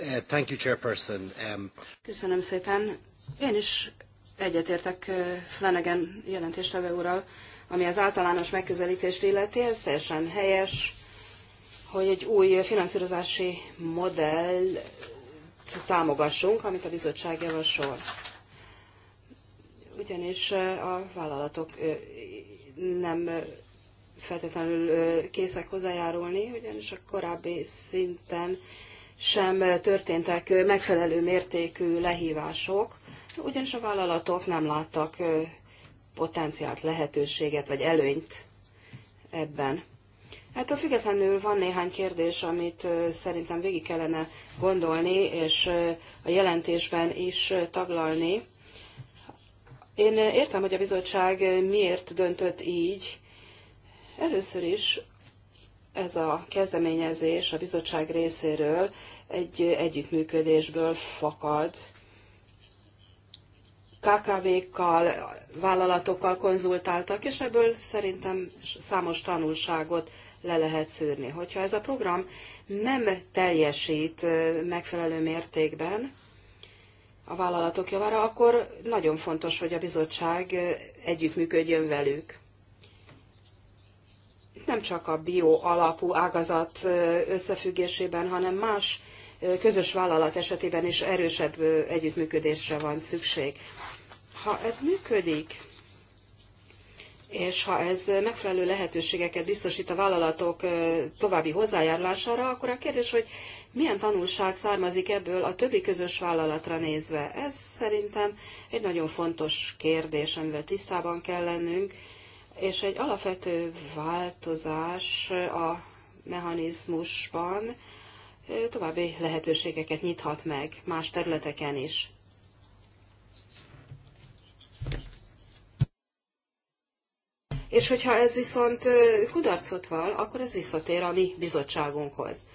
Uh, thank you, Chairperson. Um, Köszönöm szépen. Én is egyetértek uh, Flanagan jelentéstevő úrral, ami az általános megközelítést illeti, ez teljesen helyes, hogy egy új finanszírozási modell támogassunk, amit a bizottság javasol. Ugyanis uh, a vállalatok nem feltétlenül készek hozzájárulni, ugyanis a korábbi szinten sem történtek megfelelő mértékű lehívások, ugyanis a vállalatok nem láttak potenciált lehetőséget vagy előnyt ebben. Ettől függetlenül van néhány kérdés, amit szerintem végig kellene gondolni, és a jelentésben is taglalni. Én értem, hogy a bizottság miért döntött így. Először is ez a kezdeményezés a bizottság részéről egy együttműködésből fakad. KKV-kkal, vállalatokkal konzultáltak, és ebből szerintem számos tanulságot le lehet szűrni. Hogyha ez a program nem teljesít megfelelő mértékben a vállalatok javára, akkor nagyon fontos, hogy a bizottság együttműködjön velük nem csak a bio alapú ágazat összefüggésében, hanem más közös vállalat esetében is erősebb együttműködésre van szükség. Ha ez működik, és ha ez megfelelő lehetőségeket biztosít a vállalatok további hozzájárulására, akkor a kérdés, hogy milyen tanulság származik ebből a többi közös vállalatra nézve? Ez szerintem egy nagyon fontos kérdés, amivel tisztában kell lennünk, és egy alapvető változás a mechanizmusban további lehetőségeket nyithat meg más területeken is. És hogyha ez viszont kudarcot val, akkor ez visszatér a mi bizottságunkhoz.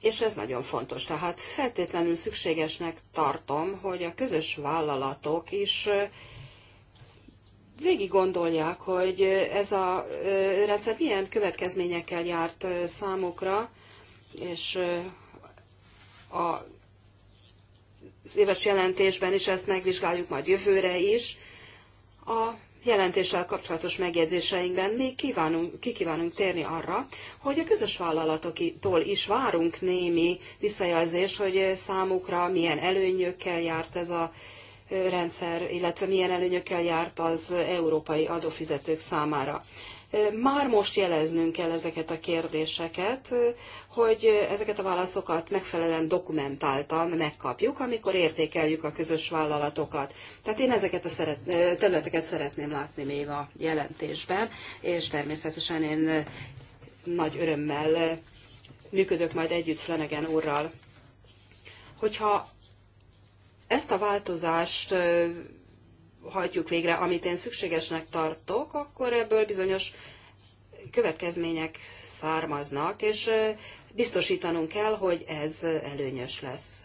És ez nagyon fontos. Tehát feltétlenül szükségesnek tartom, hogy a közös vállalatok is végig gondolják, hogy ez a rendszer milyen következményekkel járt számukra, és a éves jelentésben is ezt megvizsgáljuk majd jövőre is. A jelentéssel kapcsolatos megjegyzéseinkben még kívánunk, ki kívánunk térni arra, hogy a közös vállalatoktól is várunk némi visszajelzést, hogy számukra milyen előnyökkel járt ez a rendszer, illetve milyen előnyökkel járt az európai adófizetők számára. Már most jeleznünk kell ezeket a kérdéseket, hogy ezeket a válaszokat megfelelően dokumentáltan megkapjuk, amikor értékeljük a közös vállalatokat. Tehát én ezeket a szeret, területeket szeretném látni még a jelentésben, és természetesen én nagy örömmel működök majd együtt Flanagan úrral. Hogyha ezt a változást hajtjuk végre, amit én szükségesnek tartok, akkor ebből bizonyos következmények származnak, és biztosítanunk kell, hogy ez előnyös lesz.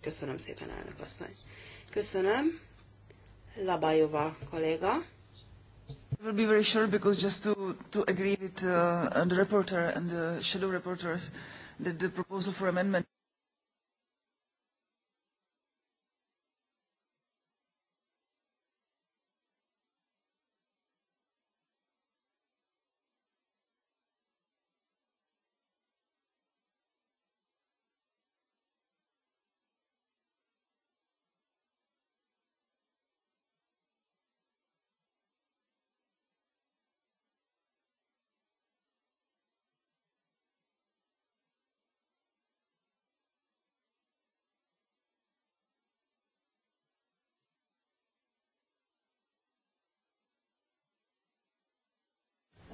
Köszönöm szépen, elnök asszony. Köszönöm. Labajova kolléga. I will be very short because just to, to agree with uh, the reporter and the shadow reporters that the proposal for amendment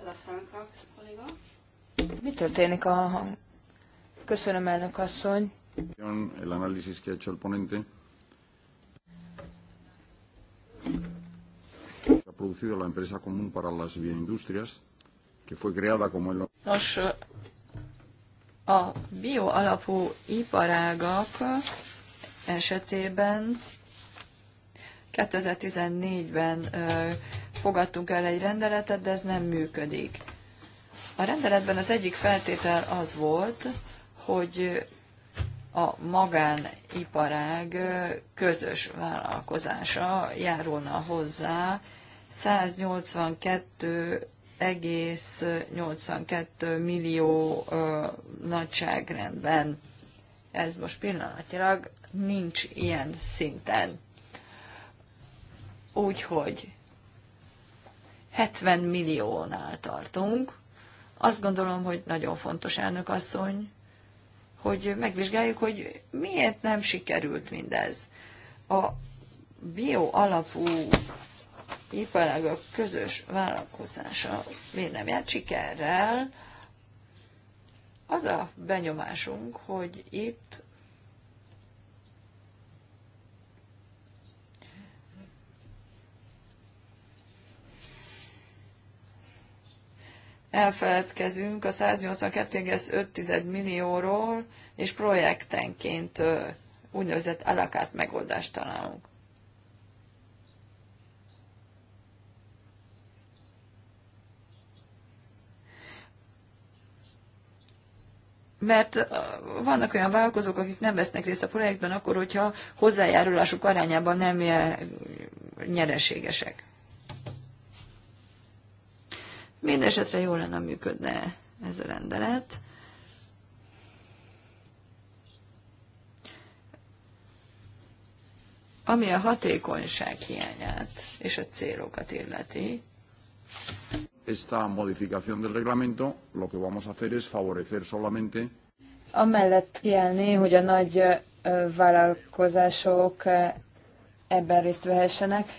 Lafranca kolléga. Mi történik a hang? Köszönöm, elnök asszony. El análisis que ha hecho el ponente ha producido la empresa común para las bioindustrias, que fue creada como el... Nos, a bio alapú iparágak esetében 2014-ben fogadtunk el egy rendeletet, de ez nem működik. A rendeletben az egyik feltétel az volt, hogy a magániparág közös vállalkozása járulna hozzá 182,82 millió ö, nagyságrendben. Ez most pillanatilag nincs ilyen szinten. Úgyhogy 70 milliónál tartunk. Azt gondolom, hogy nagyon fontos elnök asszony, hogy megvizsgáljuk, hogy miért nem sikerült mindez. A bio alapú iparágok közös vállalkozása miért nem járt sikerrel? Az a benyomásunk, hogy itt elfeledkezünk a 182,5 millióról, és projektenként úgynevezett alakát megoldást találunk. mert vannak olyan vállalkozók, akik nem vesznek részt a projektben akkor, hogyha hozzájárulásuk arányában nem nyereségesek. Mindenesetre jól lenne, működne ez a rendelet. Ami a hatékonyság hiányát és a célokat illeti, esta modificación del reglamento, lo que vamos a hacer es favorecer solamente. Amellett kiállni, hogy a nagy vállalkozások ebben részt vehessenek,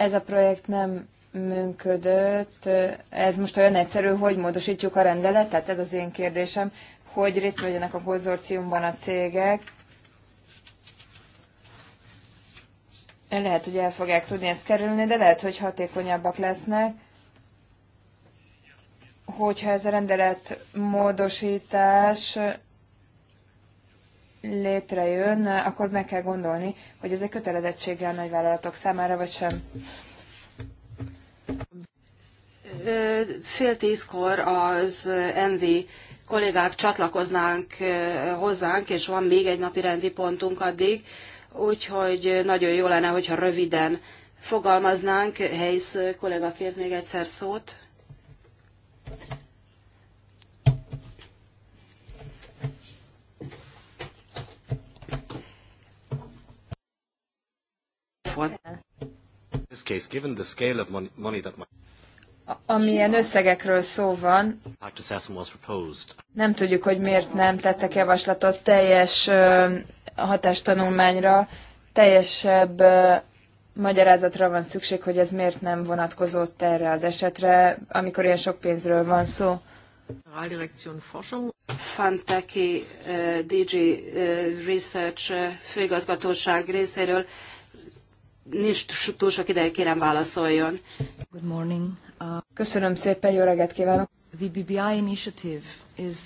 ez a projekt nem működött. Ez most olyan egyszerű, hogy módosítjuk a rendeletet? Ez az én kérdésem, hogy részt vegyenek a konzorciumban a cégek. Lehet, hogy el fogják tudni ezt kerülni, de lehet, hogy hatékonyabbak lesznek hogyha ez a rendelet módosítás létrejön, akkor meg kell gondolni, hogy ez egy kötelezettsége a nagyvállalatok számára, vagy sem. Fél tízkor az MV kollégák csatlakoznánk hozzánk, és van még egy napi rendi pontunk addig, úgyhogy nagyon jó lenne, hogyha röviden fogalmaznánk. Helysz kollégaként még egyszer szót. Amilyen összegekről szó van, nem tudjuk, hogy miért nem tettek javaslatot teljes hatástanulmányra, teljesebb magyarázatra van szükség, hogy ez miért nem vonatkozott erre az esetre, amikor ilyen sok pénzről van szó. Fanteki DG Research főigazgatóság részéről nincs túl sok ideje, kérem válaszoljon. Good morning. Uh, Köszönöm szépen, jó reggelt kívánok. The BBI initiative is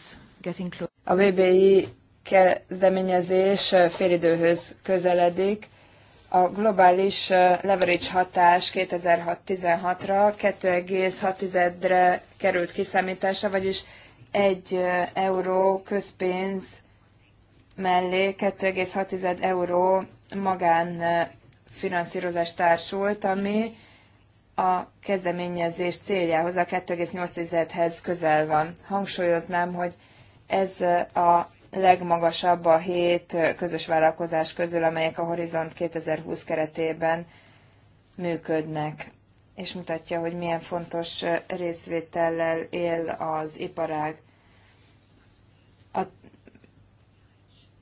getting close. A BBI kezdeményezés uh, félidőhöz közeledik. A globális uh, leverage hatás 2016-ra 2,6-re került kiszámítása, vagyis egy uh, euró közpénz mellé 2,6 euró magán finanszírozás társult, ami a kezdeményezés céljához, a 2,8-hez közel van. Hangsúlyoznám, hogy ez a legmagasabb a hét közös vállalkozás közül, amelyek a Horizont 2020 keretében működnek, és mutatja, hogy milyen fontos részvétellel él az iparág. A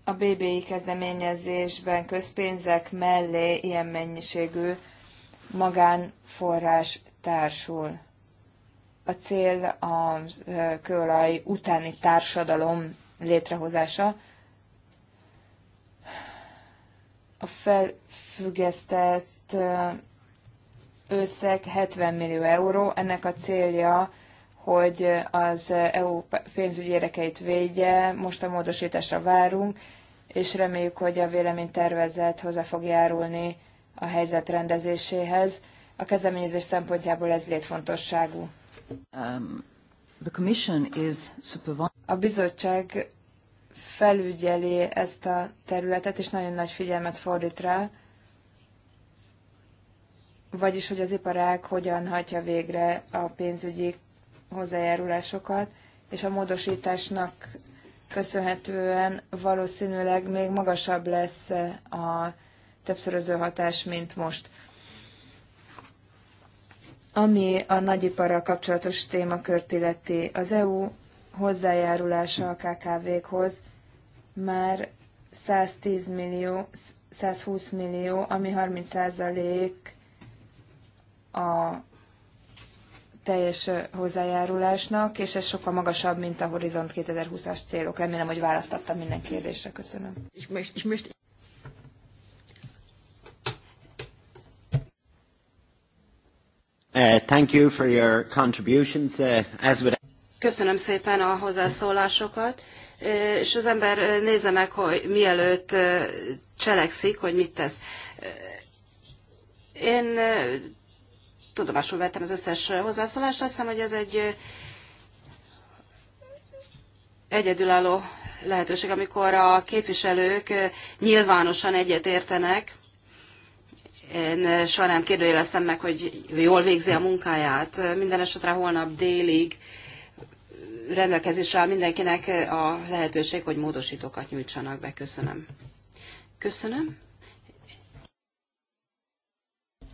a BBI kezdeményezésben közpénzek mellé ilyen mennyiségű magánforrás társul. A cél a kőolaj utáni társadalom létrehozása. A felfüggesztett összeg 70 millió euró, ennek a célja hogy az EU pénzügyi érdekeit védje. Most a módosításra várunk, és reméljük, hogy a véleménytervezet hozzá fog járulni a helyzet rendezéséhez. A kezdeményezés szempontjából ez létfontosságú. Um, the commission is a bizottság felügyeli ezt a területet, és nagyon nagy figyelmet fordít rá, vagyis hogy az iparág hogyan hagyja végre a pénzügyi hozzájárulásokat, és a módosításnak köszönhetően valószínűleg még magasabb lesz a többszöröző hatás, mint most. Ami a nagyiparral kapcsolatos témakört illeti, az EU hozzájárulása a KKV-khoz már 110 millió, 120 millió, ami 30 százalék a teljes hozzájárulásnak, és ez sokkal magasabb, mint a Horizont 2020-as célok. Remélem, hogy választottam minden kérdésre. Köszönöm. Uh, thank you for your contributions. Uh, as with... Köszönöm szépen a hozzászólásokat, és az ember nézze meg, hogy mielőtt cselekszik, hogy mit tesz. Én tudomásul vettem az összes hozzászólást. Azt hiszem, hogy ez egy eh, egyedülálló lehetőség, amikor a képviselők eh, nyilvánosan egyetértenek. Én eh, soha nem kérdőjeleztem meg, hogy jól végzi a munkáját. Minden esetre holnap délig rendelkezésre áll mindenkinek a lehetőség, hogy módosítókat nyújtsanak be. Köszönöm. Köszönöm.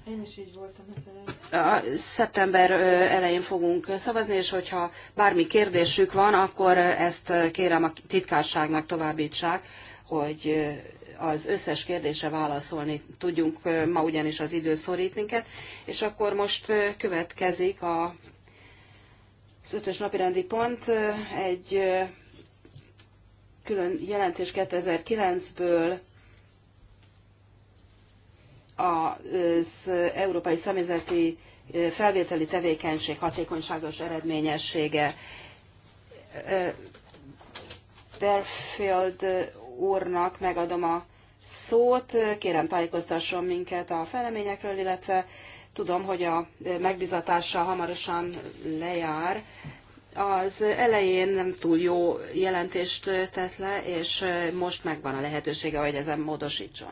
Én is így voltam ezzel. Szeptember elején fogunk szavazni, és hogyha bármi kérdésük van, akkor ezt kérem a titkárságnak továbbítsák, hogy az összes kérdése válaszolni tudjunk, ma ugyanis az idő szorít minket, és akkor most következik a, az ötös napirendi pont, egy külön jelentés 2009-ből az európai személyzeti felvételi tevékenység hatékonyságos eredményessége. Berfield úrnak megadom a szót, kérem tájékoztasson minket a feleményekről, illetve tudom, hogy a megbizatása hamarosan lejár, az elején nem túl jó jelentést tett le, és most megvan a lehetősége, hogy ezen módosítson.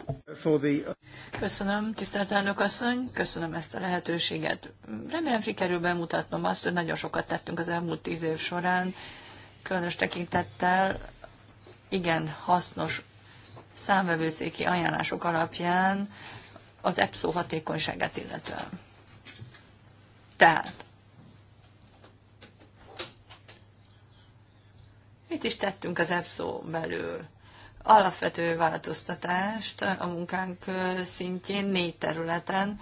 Köszönöm, tisztelt elnök asszony, köszönöm ezt a lehetőséget. Remélem sikerül bemutatnom azt, hogy nagyon sokat tettünk az elmúlt tíz év során, különös tekintettel igen hasznos számvevőszéki ajánlások alapján az EPSZO hatékonyságát illetően. Tehát Mit is tettünk az EPSZO belül? Alapvető változtatást a munkánk szintjén négy területen.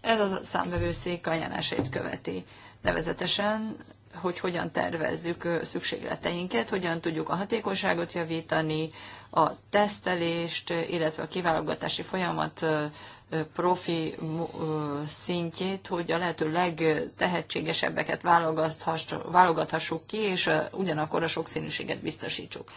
Ez a számbevőszék ajánlásait követi. Nevezetesen, hogy hogyan tervezzük szükségleteinket, hogyan tudjuk a hatékonyságot javítani, a tesztelést, illetve a kiválogatási folyamat profi szintjét, hogy a lehető legtehetségesebbeket válogathassuk ki, és ugyanakkor a sokszínűséget biztosítsuk.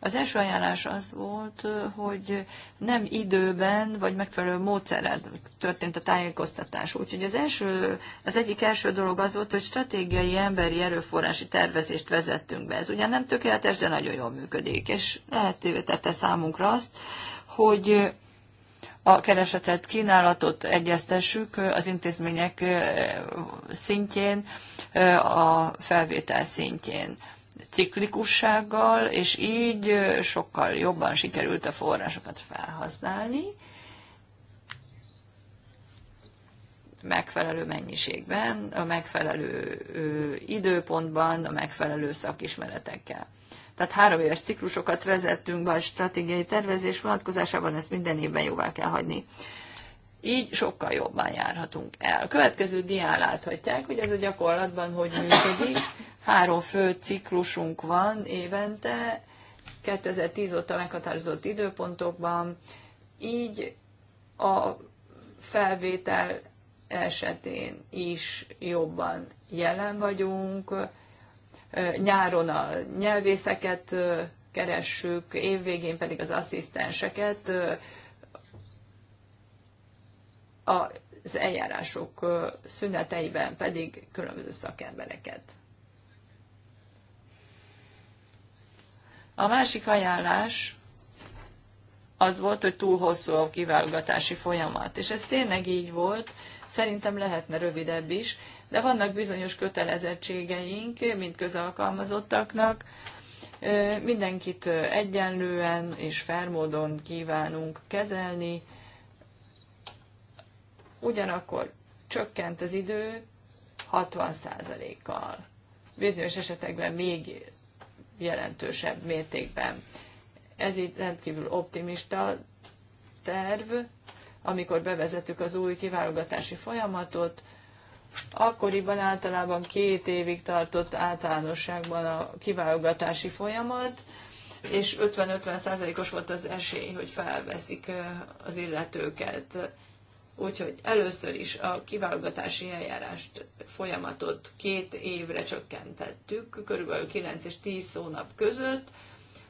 Az első ajánlás az volt, hogy nem időben, vagy megfelelő módszerrel történt a tájékoztatás. Úgyhogy az, első, az egyik első dolog az volt, hogy stratégiai emberi erőforrási tervezést vezettünk be. Ez ugyan nem tökéletes, de nagyon jól működik, és lehetővé tette számunkra azt, hogy a keresetet, kínálatot egyeztessük az intézmények szintjén, a felvétel szintjén ciklikussággal, és így sokkal jobban sikerült a forrásokat felhasználni, megfelelő mennyiségben, a megfelelő időpontban, a megfelelő szakismeretekkel. Tehát három éves ciklusokat vezettünk be a stratégiai tervezés vonatkozásában, ezt minden évben jóvá kell hagyni. Így sokkal jobban járhatunk el. A következő dián láthatják, hogy ez a gyakorlatban hogy működik. Három fő ciklusunk van évente, 2010 óta meghatározott időpontokban, így a felvétel esetén is jobban jelen vagyunk, nyáron a nyelvészeket keressük, évvégén pedig az asszisztenseket az eljárások szüneteiben pedig különböző szakembereket. A másik ajánlás az volt, hogy túl hosszú a kiválogatási folyamat. És ez tényleg így volt, szerintem lehetne rövidebb is, de vannak bizonyos kötelezettségeink, mint közalkalmazottaknak. Mindenkit egyenlően és fermódon kívánunk kezelni, ugyanakkor csökkent az idő 60%-kal, bizonyos esetekben még jelentősebb mértékben. Ez itt rendkívül optimista terv, amikor bevezettük az új kiválogatási folyamatot, Akkoriban általában két évig tartott általánosságban a kiválogatási folyamat, és 50-50 százalékos -50 volt az esély, hogy felveszik az illetőket. Úgyhogy először is a kiválogatási eljárást folyamatot két évre csökkentettük, körülbelül 9 és 10 hónap között,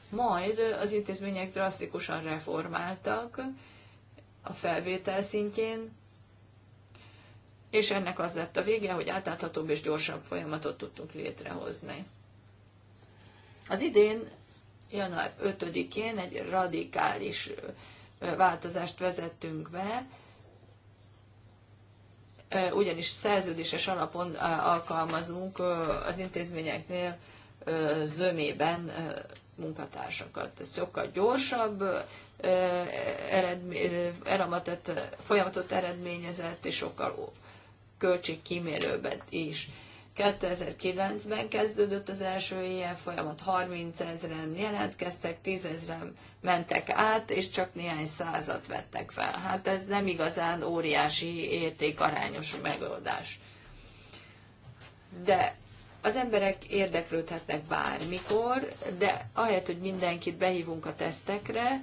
majd az intézmények drasztikusan reformáltak a felvétel szintjén, és ennek az lett a vége, hogy átláthatóbb és gyorsabb folyamatot tudtunk létrehozni. Az idén, január 5-én egy radikális változást vezettünk be, ugyanis szerződéses alapon alkalmazunk az intézményeknél zömében munkatársakat. Ez sokkal gyorsabb eredmény, folyamatot eredményezett, és sokkal költségkímélőben is. 2009-ben kezdődött az első ilyen folyamat, 30 ezeren jelentkeztek, 10 ezeren mentek át, és csak néhány százat vettek fel. Hát ez nem igazán óriási értékarányos megoldás. De az emberek érdeklődhetnek bármikor, de ahelyett, hogy mindenkit behívunk a tesztekre,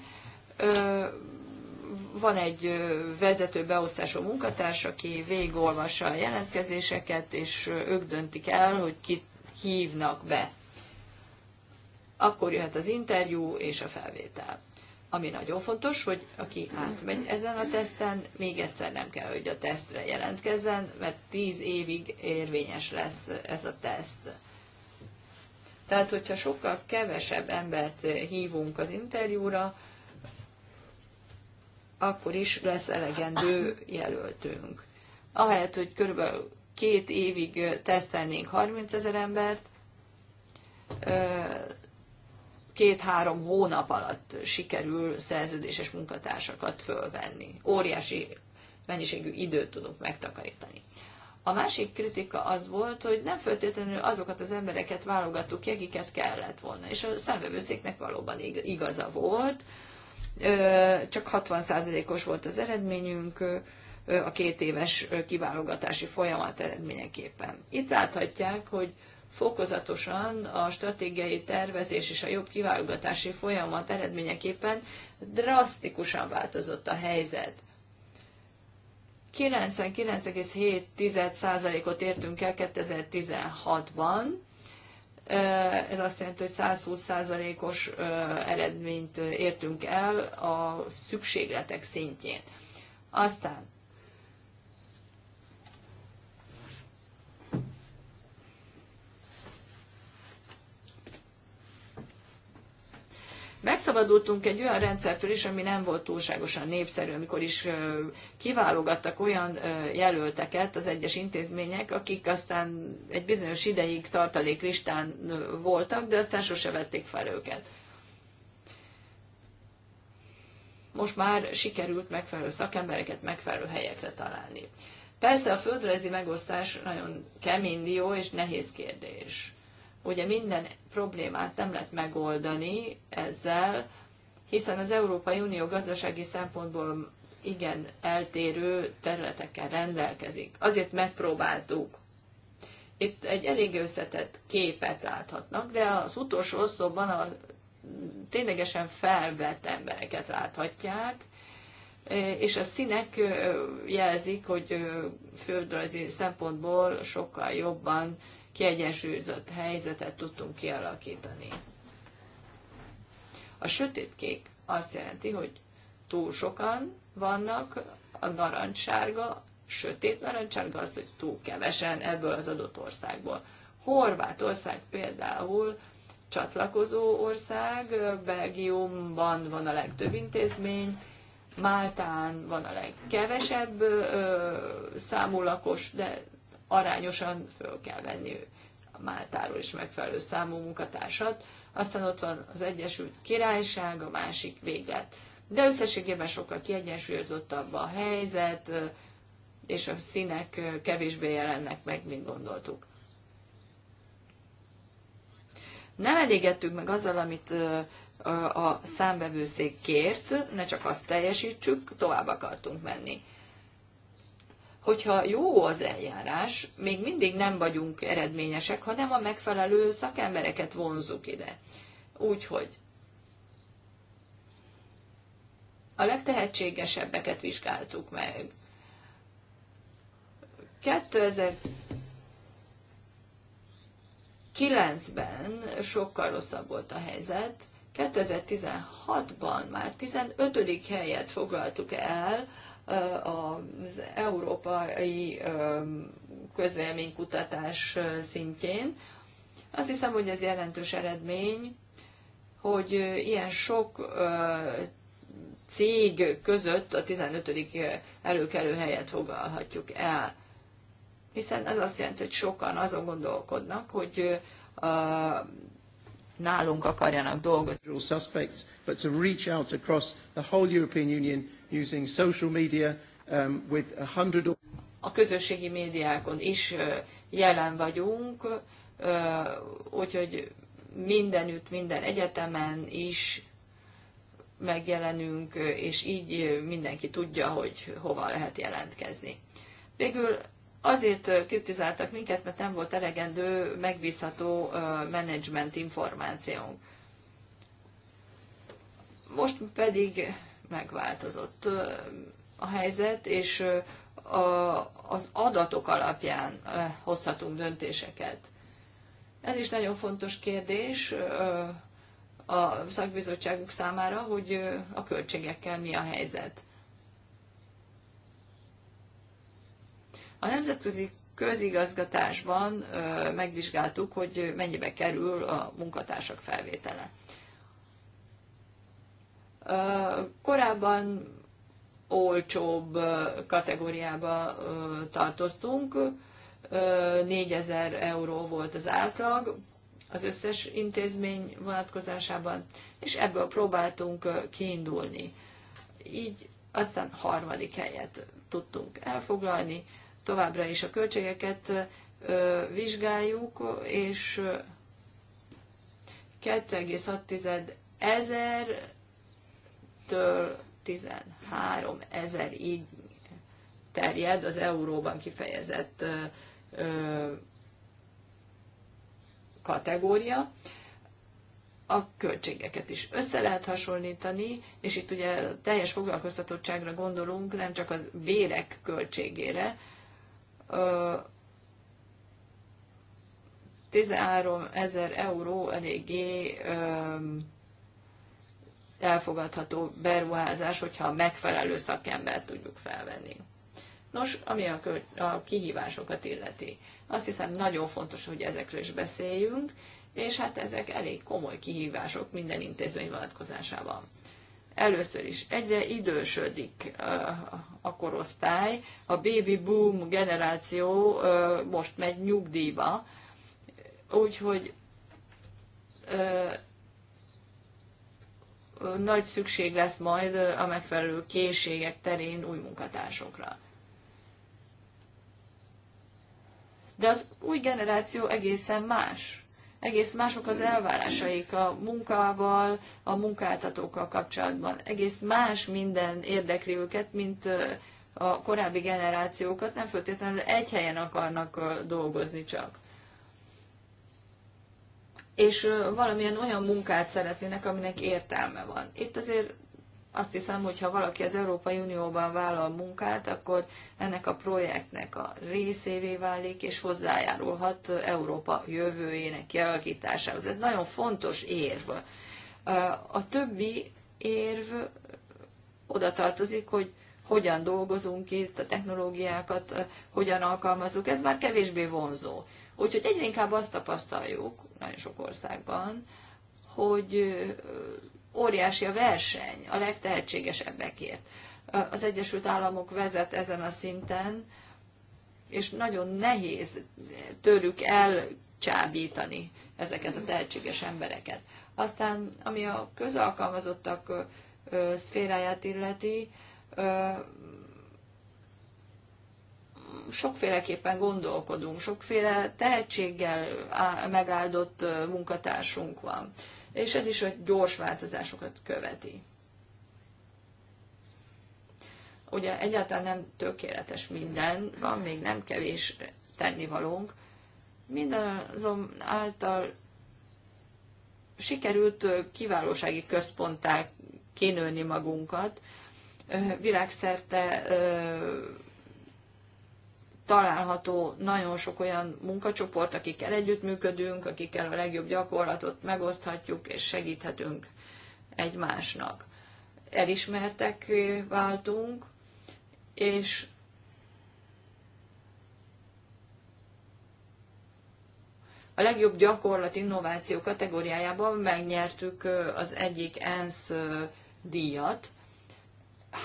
van egy vezető beosztású munkatárs, aki végigolvassa a jelentkezéseket, és ők döntik el, hogy kit hívnak be. Akkor jöhet az interjú és a felvétel. Ami nagyon fontos, hogy aki átmegy ezen a teszten, még egyszer nem kell, hogy a tesztre jelentkezzen, mert tíz évig érvényes lesz ez a teszt. Tehát, hogyha sokkal kevesebb embert hívunk az interjúra, akkor is lesz elegendő jelöltünk. Ahelyett, hogy körülbelül két évig tesztelnénk 30 ezer embert, két-három hónap alatt sikerül szerződéses munkatársakat fölvenni. Óriási mennyiségű időt tudunk megtakarítani. A másik kritika az volt, hogy nem feltétlenül azokat az embereket válogattuk ki, akiket kellett volna. És a szembevőszéknek valóban igaza volt, csak 60%-os volt az eredményünk a két éves kiválogatási folyamat eredményeképpen. Itt láthatják, hogy fokozatosan a stratégiai tervezés és a jobb kiválogatási folyamat eredményeképpen drasztikusan változott a helyzet. 99,7%-ot értünk el 2016-ban, ez azt jelenti, hogy 120%-os eredményt értünk el a szükségletek szintjén. Aztán Megszabadultunk egy olyan rendszertől is, ami nem volt túlságosan népszerű, amikor is kiválogattak olyan jelölteket az egyes intézmények, akik aztán egy bizonyos ideig tartaléklistán voltak, de aztán sose vették fel őket. Most már sikerült megfelelő szakembereket megfelelő helyekre találni. Persze a földrajzi megosztás nagyon kemény dió és nehéz kérdés. Ugye minden problémát nem lehet megoldani ezzel, hiszen az Európai Unió gazdasági szempontból igen eltérő területeken rendelkezik. Azért megpróbáltuk. Itt egy elég összetett képet láthatnak, de az utolsó oszlopban a ténylegesen felvett embereket láthatják, és a színek jelzik, hogy földrajzi szempontból sokkal jobban kiegyensúlyozott helyzetet tudtunk kialakítani. A sötétkék azt jelenti, hogy túl sokan vannak, a narancssárga, sötét narancssárga az, hogy túl kevesen ebből az adott országból. Horvátország például csatlakozó ország, Belgiumban van a legtöbb intézmény, Máltán van a legkevesebb ö, számú lakos, de arányosan föl kell venni a Máltáról is megfelelő számú munkatársat. Aztán ott van az Egyesült Királyság, a másik véglet. De összességében sokkal kiegyensúlyozottabb a helyzet, és a színek kevésbé jelennek meg, mint gondoltuk. Nem elégettünk meg azzal, amit a számbevőszék kért, ne csak azt teljesítsük, tovább akartunk menni hogyha jó az eljárás, még mindig nem vagyunk eredményesek, hanem a megfelelő szakembereket vonzuk ide. Úgyhogy a legtehetségesebbeket vizsgáltuk meg. 2009-ben sokkal rosszabb volt a helyzet, 2016-ban már 15. helyet foglaltuk el az európai közvéleménykutatás szintjén. Azt hiszem, hogy ez jelentős eredmény, hogy ilyen sok cég között a 15. előkelő helyet foglalhatjuk el. Hiszen ez azt jelenti, hogy sokan azon gondolkodnak, hogy nálunk akarjanak dolgozni. a A közösségi médiákon is jelen vagyunk, úgyhogy mindenütt, minden egyetemen is megjelenünk, és így mindenki tudja, hogy hova lehet jelentkezni. Végül Azért kritizáltak minket, mert nem volt elegendő megbízható menedzsment információnk. Most pedig megváltozott a helyzet, és az adatok alapján hozhatunk döntéseket. Ez is nagyon fontos kérdés a szakbizottságuk számára, hogy a költségekkel mi a helyzet. A nemzetközi közigazgatásban megvizsgáltuk, hogy mennyibe kerül a munkatársak felvétele. Korábban olcsóbb kategóriába tartoztunk, 4000 euró volt az átlag az összes intézmény vonatkozásában, és ebből próbáltunk kiindulni. Így aztán harmadik helyet tudtunk elfoglalni, továbbra is a költségeket vizsgáljuk, és 2,6 ezer-től 13 így terjed az euróban kifejezett kategória. A költségeket is össze lehet hasonlítani, és itt ugye teljes foglalkoztatottságra gondolunk, nem csak az bérek költségére, 13 ezer euró eléggé elfogadható beruházás, hogyha megfelelő szakembert tudjuk felvenni. Nos, ami a, kö, a kihívásokat illeti, azt hiszem nagyon fontos, hogy ezekről is beszéljünk, és hát ezek elég komoly kihívások minden intézmény vonatkozásában. Először is egyre idősödik a korosztály, a baby boom generáció most megy nyugdíjba, úgyhogy nagy szükség lesz majd a megfelelő készségek terén új munkatársokra. De az új generáció egészen más egész mások az elvárásaik a munkával, a munkáltatókkal kapcsolatban. Egész más minden érdekli őket, mint a korábbi generációkat, nem feltétlenül egy helyen akarnak dolgozni csak. És valamilyen olyan munkát szeretnének, aminek értelme van. Itt azért azt hiszem, hogy ha valaki az Európai Unióban vállal munkát, akkor ennek a projektnek a részévé válik, és hozzájárulhat Európa jövőjének kialakításához. Ez nagyon fontos érv. A többi érv oda tartozik, hogy hogyan dolgozunk itt, a technológiákat hogyan alkalmazunk, ez már kevésbé vonzó. Úgyhogy egyre inkább azt tapasztaljuk nagyon sok országban, hogy óriási a verseny a legtehetségesebbekért. Az Egyesült Államok vezet ezen a szinten, és nagyon nehéz tőlük elcsábítani ezeket a tehetséges embereket. Aztán, ami a közalkalmazottak szféráját illeti, sokféleképpen gondolkodunk, sokféle tehetséggel megáldott munkatársunk van és ez is a gyors változásokat követi. Ugye egyáltalán nem tökéletes minden, van még nem kevés tennivalónk, azon által sikerült kiválósági központtá kinőni magunkat, világszerte található nagyon sok olyan munkacsoport, akikkel együttműködünk, akikkel a legjobb gyakorlatot megoszthatjuk és segíthetünk egymásnak. Elismertek váltunk, és a legjobb gyakorlat innováció kategóriájában megnyertük az egyik ENSZ díjat,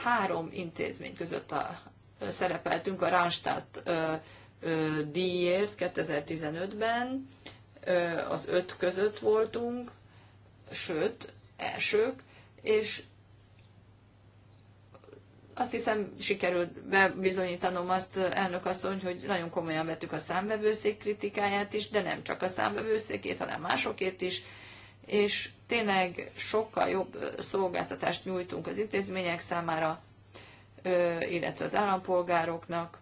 három intézmény között a szerepeltünk a Ránstadt díjért 2015-ben, az öt között voltunk, sőt, elsők, és azt hiszem sikerült bebizonyítanom azt elnök asszony, hogy nagyon komolyan vettük a számbevőszék kritikáját is, de nem csak a számbevőszékét, hanem másokét is, és tényleg sokkal jobb szolgáltatást nyújtunk az intézmények számára, illetve az állampolgároknak,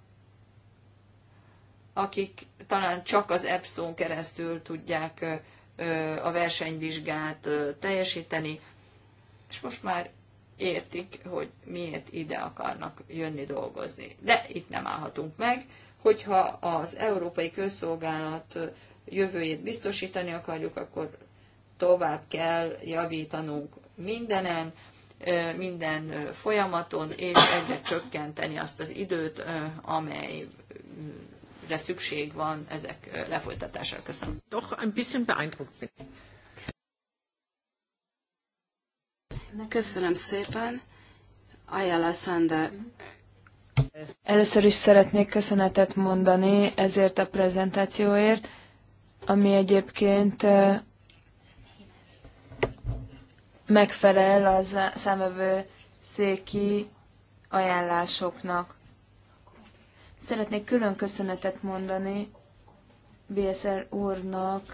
akik talán csak az EPSZON keresztül tudják a versenyvizsgát teljesíteni, és most már értik, hogy miért ide akarnak jönni dolgozni. De itt nem állhatunk meg, hogyha az Európai Közszolgálat jövőjét biztosítani akarjuk, akkor tovább kell javítanunk mindenen, minden folyamaton, és egyre csökkenteni azt az időt, amelyre szükség van ezek lefolytatására. Köszönöm. Doch ein bisschen beeindruckt bin. Köszönöm szépen. Ayala Sander. Először is szeretnék köszönetet mondani ezért a prezentációért, ami egyébként megfelel a számövő széki ajánlásoknak. Szeretnék külön köszönetet mondani BSL úrnak,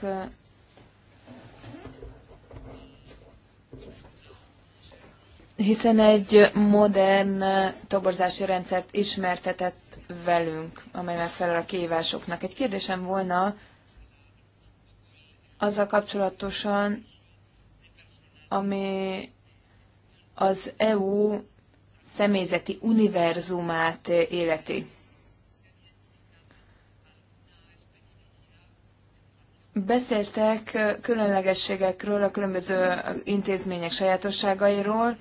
hiszen egy modern toborzási rendszert ismertetett velünk, amely megfelel a kihívásoknak. Egy kérdésem volna azzal kapcsolatosan, ami az EU személyzeti univerzumát életi. Beszéltek különlegességekről, a különböző intézmények sajátosságairól.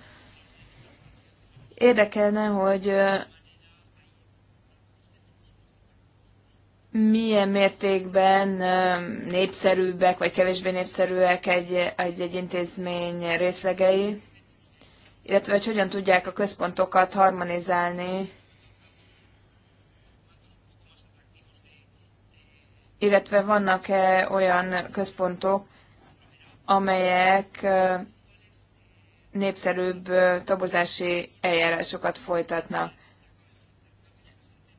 Érdekelne, hogy milyen mértékben népszerűbbek vagy kevésbé népszerűek egy, egy, egy intézmény részlegei, illetve hogy hogyan tudják a központokat harmonizálni, illetve vannak-e olyan központok, amelyek népszerűbb tobozási eljárásokat folytatnak.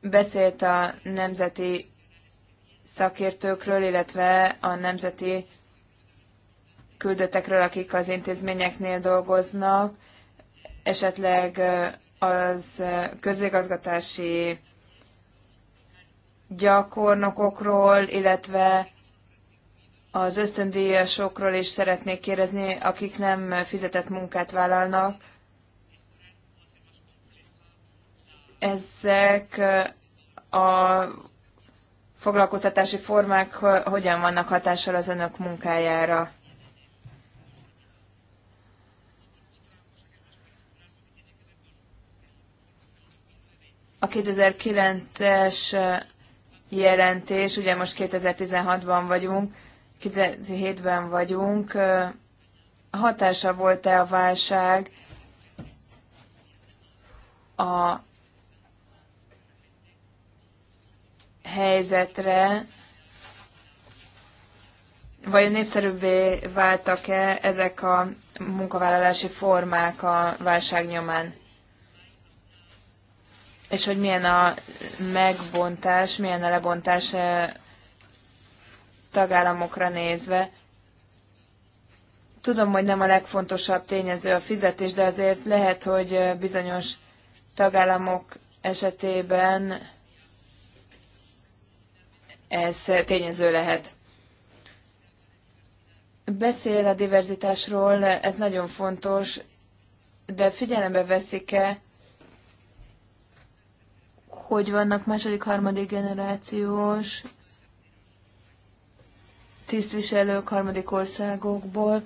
Beszélt a Nemzeti szakértőkről, illetve a nemzeti küldöttekről, akik az intézményeknél dolgoznak, esetleg az közigazgatási gyakornokokról, illetve az ösztöndíjasokról is szeretnék kérdezni, akik nem fizetett munkát vállalnak. Ezek a foglalkoztatási formák hogyan vannak hatással az önök munkájára? A 2009-es jelentés, ugye most 2016-ban vagyunk, 2007-ben vagyunk, hatása volt-e a válság a helyzetre, vajon népszerűbbé váltak-e ezek a munkavállalási formák a válság nyomán? És hogy milyen a megbontás, milyen a lebontás eh, tagállamokra nézve. Tudom, hogy nem a legfontosabb tényező a fizetés, de azért lehet, hogy eh, bizonyos tagállamok esetében ez tényező lehet. Beszél a diverzitásról, ez nagyon fontos, de figyelembe veszik-e, hogy vannak második, harmadik generációs tisztviselők harmadik országokból,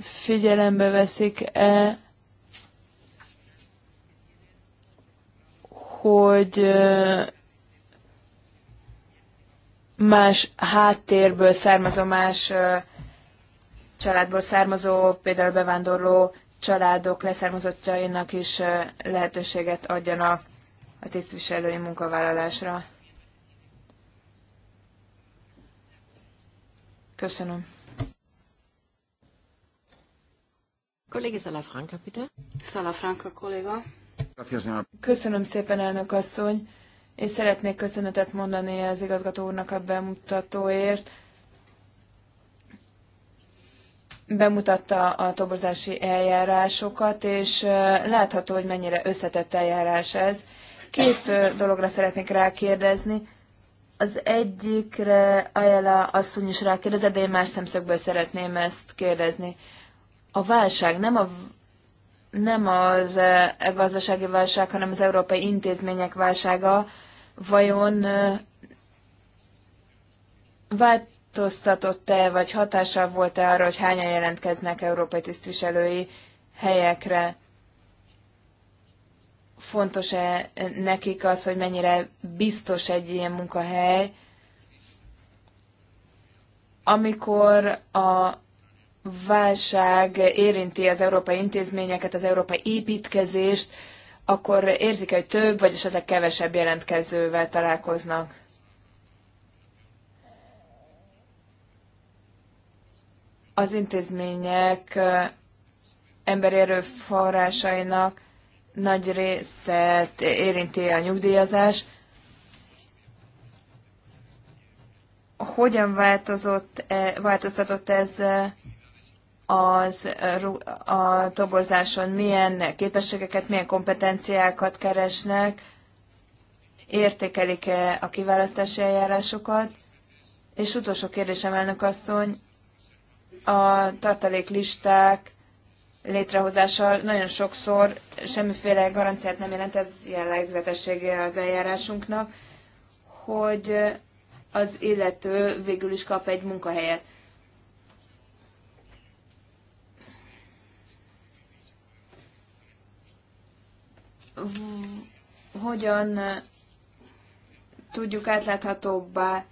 figyelembe veszik-e, hogy más háttérből származó, más családból származó, például bevándorló családok leszármazottjainak is lehetőséget adjanak a tisztviselői munkavállalásra. Köszönöm. Kollégi Salafranca, bitte. Salafranca kolléga. Köszönöm szépen, elnök asszony és szeretnék köszönetet mondani az igazgató úrnak a bemutatóért. Bemutatta a toborzási eljárásokat, és látható, hogy mennyire összetett eljárás ez. Két dologra szeretnék rákérdezni. Az egyikre Ajela asszony is rákérdezett, de én más szemszögből szeretném ezt kérdezni. A válság nem a nem az eh, e gazdasági válság, hanem az európai intézmények válsága vajon eh, változtatott-e, vagy hatással volt-e arra, hogy hányan jelentkeznek európai tisztviselői helyekre? Fontos-e eh, nekik az, hogy mennyire biztos egy ilyen munkahely, amikor a válság érinti az európai intézményeket, az európai építkezést, akkor érzik, hogy több vagy esetleg kevesebb jelentkezővel találkoznak. Az intézmények emberi erőforrásainak nagy részét érinti a nyugdíjazás. Hogyan változott, e, változtatott ez az, a toborzáson milyen képességeket, milyen kompetenciákat keresnek, értékelik-e a kiválasztási eljárásokat, és utolsó kérdésem, elnök asszony, a tartaléklisták létrehozása nagyon sokszor semmiféle garanciát nem jelent, ez jellegzetessége az eljárásunknak, hogy az illető végül is kap egy munkahelyet. hogyan tudjuk átláthatóbbá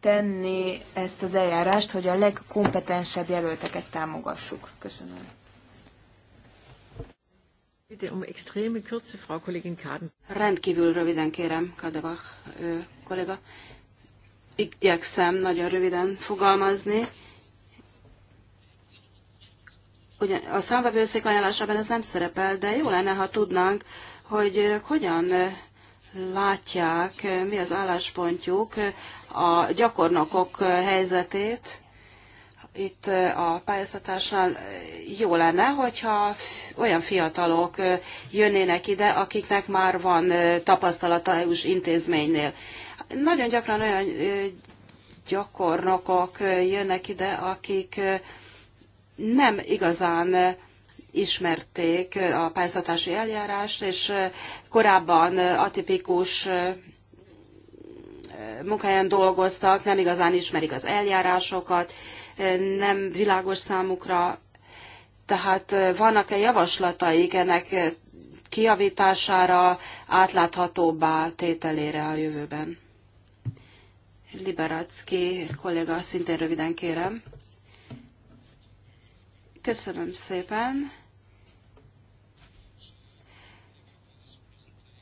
tenni ezt az eljárást, hogy a legkompetensebb jelölteket támogassuk. Köszönöm. Um Rendkívül röviden kérem, Kadevach kollega. Igyekszem nagyon röviden fogalmazni. Ugyan, a számvevőszék ajánlásában ez nem szerepel, de jó lenne, ha tudnánk hogy hogyan látják, mi az álláspontjuk a gyakornokok helyzetét. Itt a pályáztatásnál jó lenne, hogyha olyan fiatalok jönnének ide, akiknek már van tapasztalata EU-s intézménynél. Nagyon gyakran olyan gyakornokok jönnek ide, akik nem igazán ismerték a pályáztatási eljárást, és korábban atipikus munkahelyen dolgoztak, nem igazán ismerik az eljárásokat, nem világos számukra. Tehát vannak-e javaslataik ennek kiavítására, átláthatóbbá tételére a jövőben? Liberacki kolléga, szintén röviden kérem. Köszönöm szépen.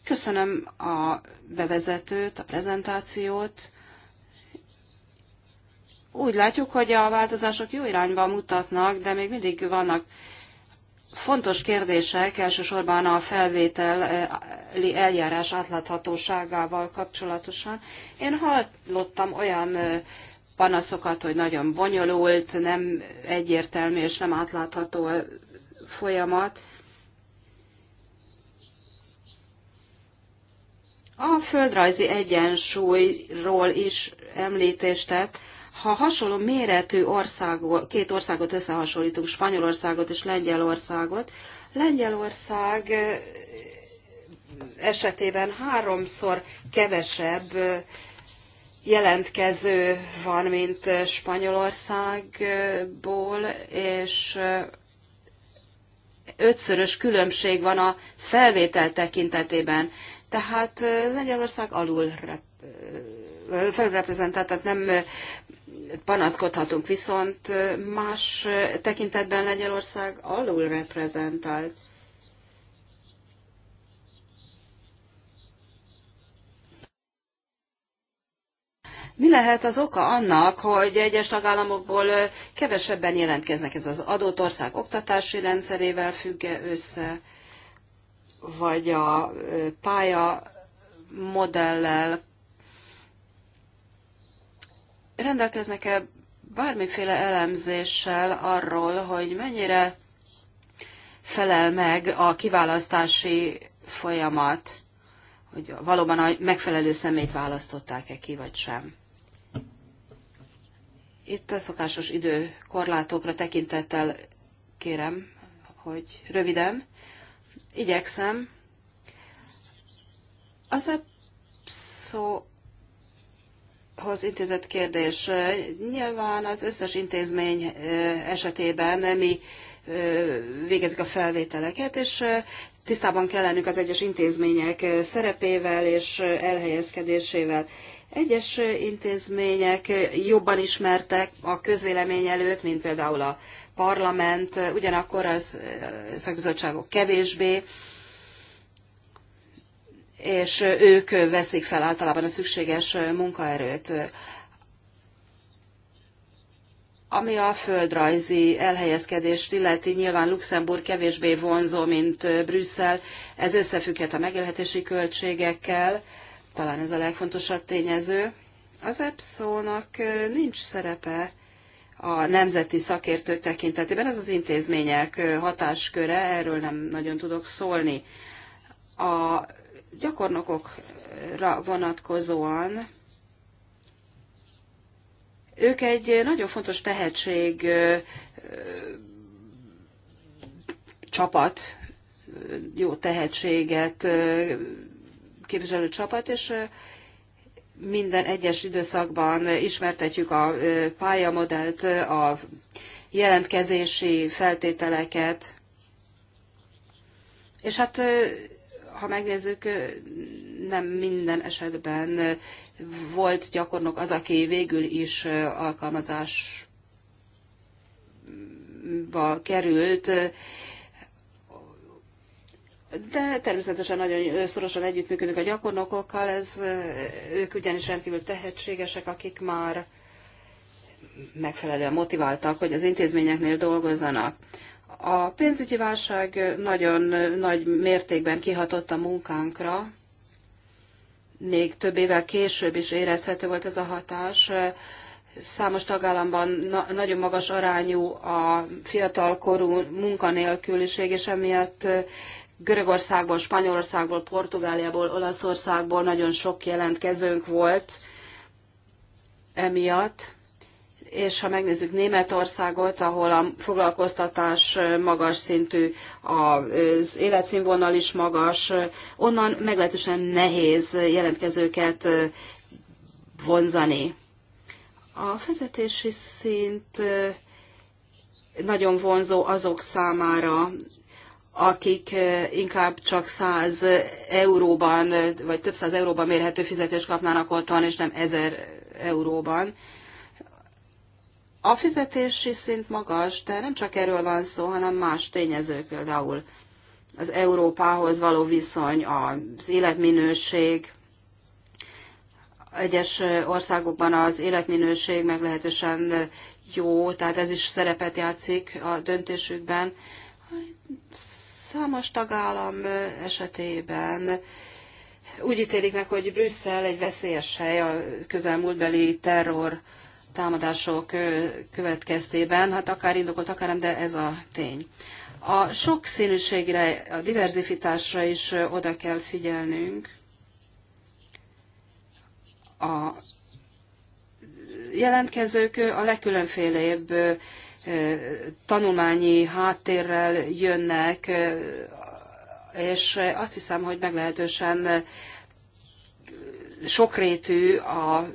Köszönöm a bevezetőt, a prezentációt. Úgy látjuk, hogy a változások jó irányba mutatnak, de még mindig vannak fontos kérdések, elsősorban a felvételi eljárás átláthatóságával kapcsolatosan. Én hallottam olyan panaszokat, hogy nagyon bonyolult, nem egyértelmű és nem átlátható folyamat. A földrajzi egyensúlyról is említést tett. Ha hasonló méretű országot, két országot összehasonlítunk, Spanyolországot és Lengyelországot, Lengyelország eh, esetében háromszor kevesebb eh, jelentkező van, mint eh, Spanyolországból, és ötszörös különbség van a felvétel tekintetében. Tehát Lengyelország alul felreprezentált, tehát nem panaszkodhatunk, viszont más tekintetben Lengyelország alul reprezentált. Mi lehet az oka annak, hogy egyes tagállamokból kevesebben jelentkeznek? Ez az adott ország oktatási rendszerével függ -e össze? vagy a pálya modellel rendelkeznek-e bármiféle elemzéssel arról, hogy mennyire felel meg a kiválasztási folyamat, hogy valóban a megfelelő szemét választották-e ki, vagy sem. Itt a szokásos időkorlátokra tekintettel kérem, hogy röviden, Igyekszem. Az a, szóhoz intézett kérdés. Nyilván az összes intézmény esetében mi végezik a felvételeket, és tisztában kell lennünk az egyes intézmények szerepével és elhelyezkedésével. Egyes intézmények jobban ismertek a közvélemény előtt, mint például a parlament, ugyanakkor az szakbizottságok kevésbé, és ők veszik fel általában a szükséges munkaerőt. Ami a földrajzi elhelyezkedést illeti, nyilván Luxemburg kevésbé vonzó, mint Brüsszel. Ez összefügghet a megélhetési költségekkel, talán ez a legfontosabb tényező. Az EPSZO-nak nincs szerepe a nemzeti szakértők tekintetében. Ez az intézmények hatásköre, erről nem nagyon tudok szólni. A gyakornokokra vonatkozóan ők egy nagyon fontos tehetség csapat, jó tehetséget képviselő csapat, és minden egyes időszakban ismertetjük a pályamodellt, a jelentkezési feltételeket, és hát ha megnézzük, nem minden esetben volt gyakornok az, aki végül is alkalmazásba került, de természetesen nagyon szorosan együttműködünk a gyakornokokkal, ez, ők ugyanis rendkívül tehetségesek, akik már megfelelően motiváltak, hogy az intézményeknél dolgozzanak. A pénzügyi válság nagyon nagy mértékben kihatott a munkánkra, még több évvel később is érezhető volt ez a hatás. Számos tagállamban na- nagyon magas arányú a fiatalkorú munkanélküliség, és emiatt Görögországból, Spanyolországból, Portugáliából, Olaszországból nagyon sok jelentkezőnk volt emiatt, és ha megnézzük Németországot, ahol a foglalkoztatás magas szintű, az életszínvonal is magas, onnan meglehetősen nehéz jelentkezőket vonzani. A vezetési szint nagyon vonzó azok számára, akik eh, inkább csak 100 euróban, vagy több száz euróban mérhető fizetést kapnának otthon, és nem 1000 euróban. A fizetési szint magas, de nem csak erről van szó, hanem más tényezők, például az Európához való viszony, az életminőség. Egyes eh, országokban az életminőség meglehetősen eh, jó, tehát ez is szerepet játszik a döntésükben Számos tagállam esetében úgy ítélik meg, hogy Brüsszel egy veszélyes hely a közelmúltbeli terror támadások következtében, hát akár indokolt, akár nem, de ez a tény. A sokszínűségre, a diverzifitásra is oda kell figyelnünk. A jelentkezők a legkülönfélébb tanulmányi háttérrel jönnek, és azt hiszem, hogy meglehetősen sokrétű a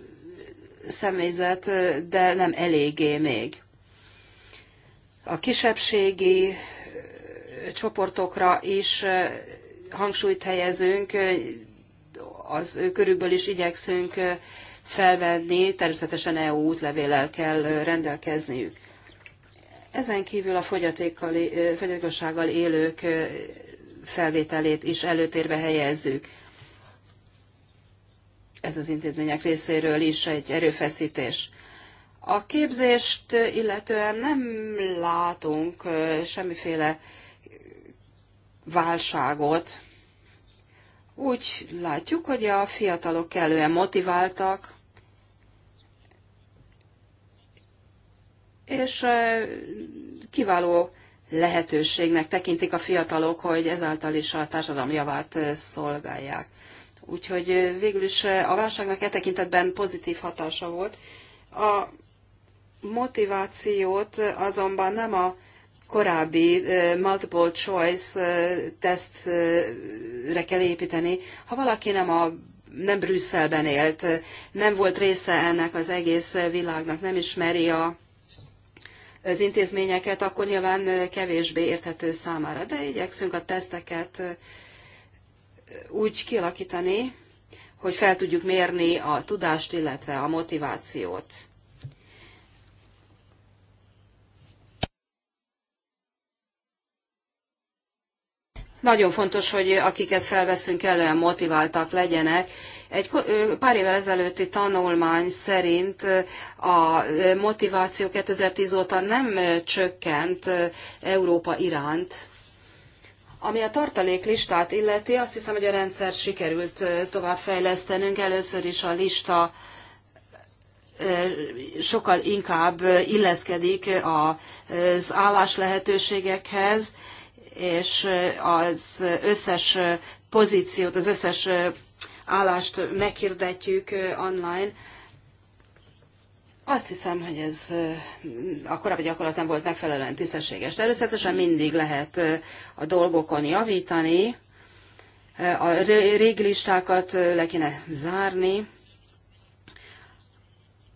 személyzet, de nem eléggé még. A kisebbségi csoportokra is hangsúlyt helyezünk, az ő körükből is igyekszünk felvenni, természetesen EU útlevéllel kell rendelkezniük. Ezen kívül a fogyatékossággal élők felvételét is előtérbe helyezzük. Ez az intézmények részéről is egy erőfeszítés. A képzést illetően nem látunk semmiféle válságot. Úgy látjuk, hogy a fiatalok kellően motiváltak, és kiváló lehetőségnek tekintik a fiatalok, hogy ezáltal is a társadalom javát szolgálják. Úgyhogy végül is a válságnak e tekintetben pozitív hatása volt. A motivációt azonban nem a korábbi multiple choice tesztre kell építeni. Ha valaki nem a nem Brüsszelben élt, nem volt része ennek az egész világnak, nem ismeri a az intézményeket, akkor nyilván kevésbé érthető számára. De igyekszünk a teszteket úgy kialakítani, hogy fel tudjuk mérni a tudást, illetve a motivációt. Nagyon fontos, hogy akiket felveszünk, kellően motiváltak legyenek, egy pár évvel ezelőtti tanulmány szerint a motiváció 2010 óta nem csökkent Európa iránt. Ami a tartalék listát illeti, azt hiszem, hogy a rendszer sikerült továbbfejlesztenünk. Először is a lista sokkal inkább illeszkedik az állás lehetőségekhez, és az összes pozíciót, az összes állást meghirdetjük online. Azt hiszem, hogy ez a korábbi gyakorlat nem volt megfelelően tisztességes. Természetesen mindig lehet a dolgokon javítani, a régi listákat le kéne zárni,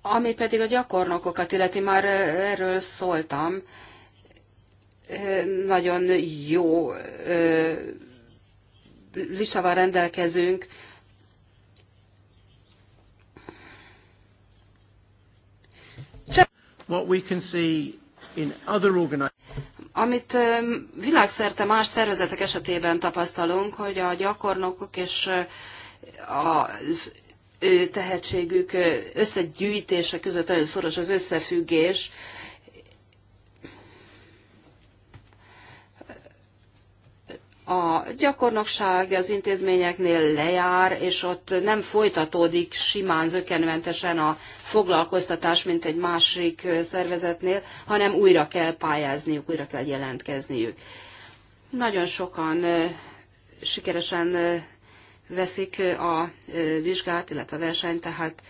ami pedig a gyakornokokat illeti, már erről szóltam, nagyon jó listával rendelkezünk, what we can see in other Amit um, világszerte más szervezetek esetében tapasztalunk, hogy a gyakornokok és uh, az ő tehetségük uh, összegyűjtése között nagyon szoros az összefüggés, a gyakornokság az intézményeknél lejár, és ott nem folytatódik simán, zökkenőmentesen a foglalkoztatás, mint egy másik szervezetnél, hanem újra kell pályázniuk, újra kell jelentkezniük. Nagyon sokan sikeresen veszik a vizsgát, illetve a versenyt, tehát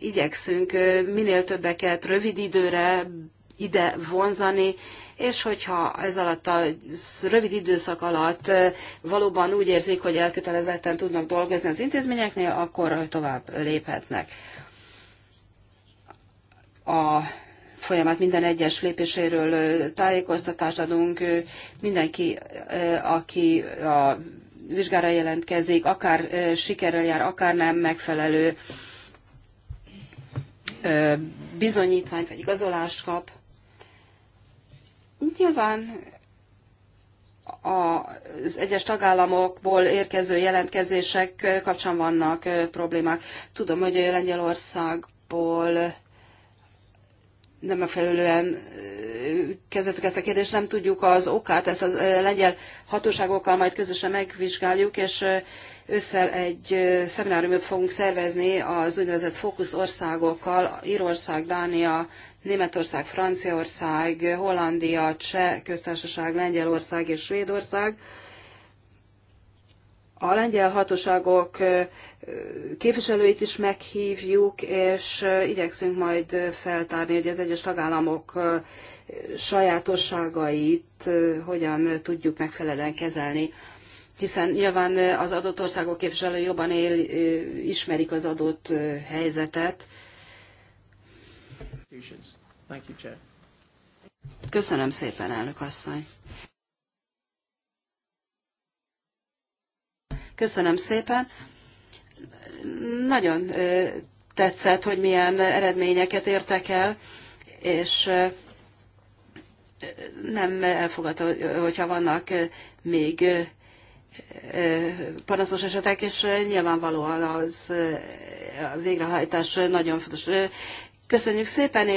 igyekszünk minél többeket rövid időre ide vonzani, és hogyha ez alatt a rövid időszak alatt valóban úgy érzik, hogy elkötelezetten tudnak dolgozni az intézményeknél, akkor tovább léphetnek. A folyamat minden egyes lépéséről tájékoztatást adunk. Mindenki, aki a vizsgára jelentkezik, akár sikerrel jár, akár nem megfelelő bizonyítványt vagy igazolást kap. Nyilván az egyes tagállamokból érkező jelentkezések kapcsán vannak problémák. Tudom, hogy Lengyelországból nem megfelelően kezdettük ezt a kérdést, nem tudjuk az okát, ezt a lengyel hatóságokkal majd közösen megvizsgáljuk, és össze egy szemináriumot fogunk szervezni az úgynevezett országokkal, Írország, Dánia, Németország, Franciaország, Hollandia, Cseh köztársaság, Lengyelország és Svédország. A lengyel hatóságok képviselőit is meghívjuk, és igyekszünk majd feltárni, hogy az egyes tagállamok sajátosságait hogyan tudjuk megfelelően kezelni hiszen nyilván az adott országok képviselői jobban él, ismerik az adott helyzetet, Köszönöm szépen, elnök asszony. Köszönöm szépen. Nagyon tetszett, hogy milyen eredményeket értek el, és nem elfogadható, hogyha vannak még panaszos esetek, és nyilvánvalóan az végrehajtás nagyon fontos. Köszönjük szépen!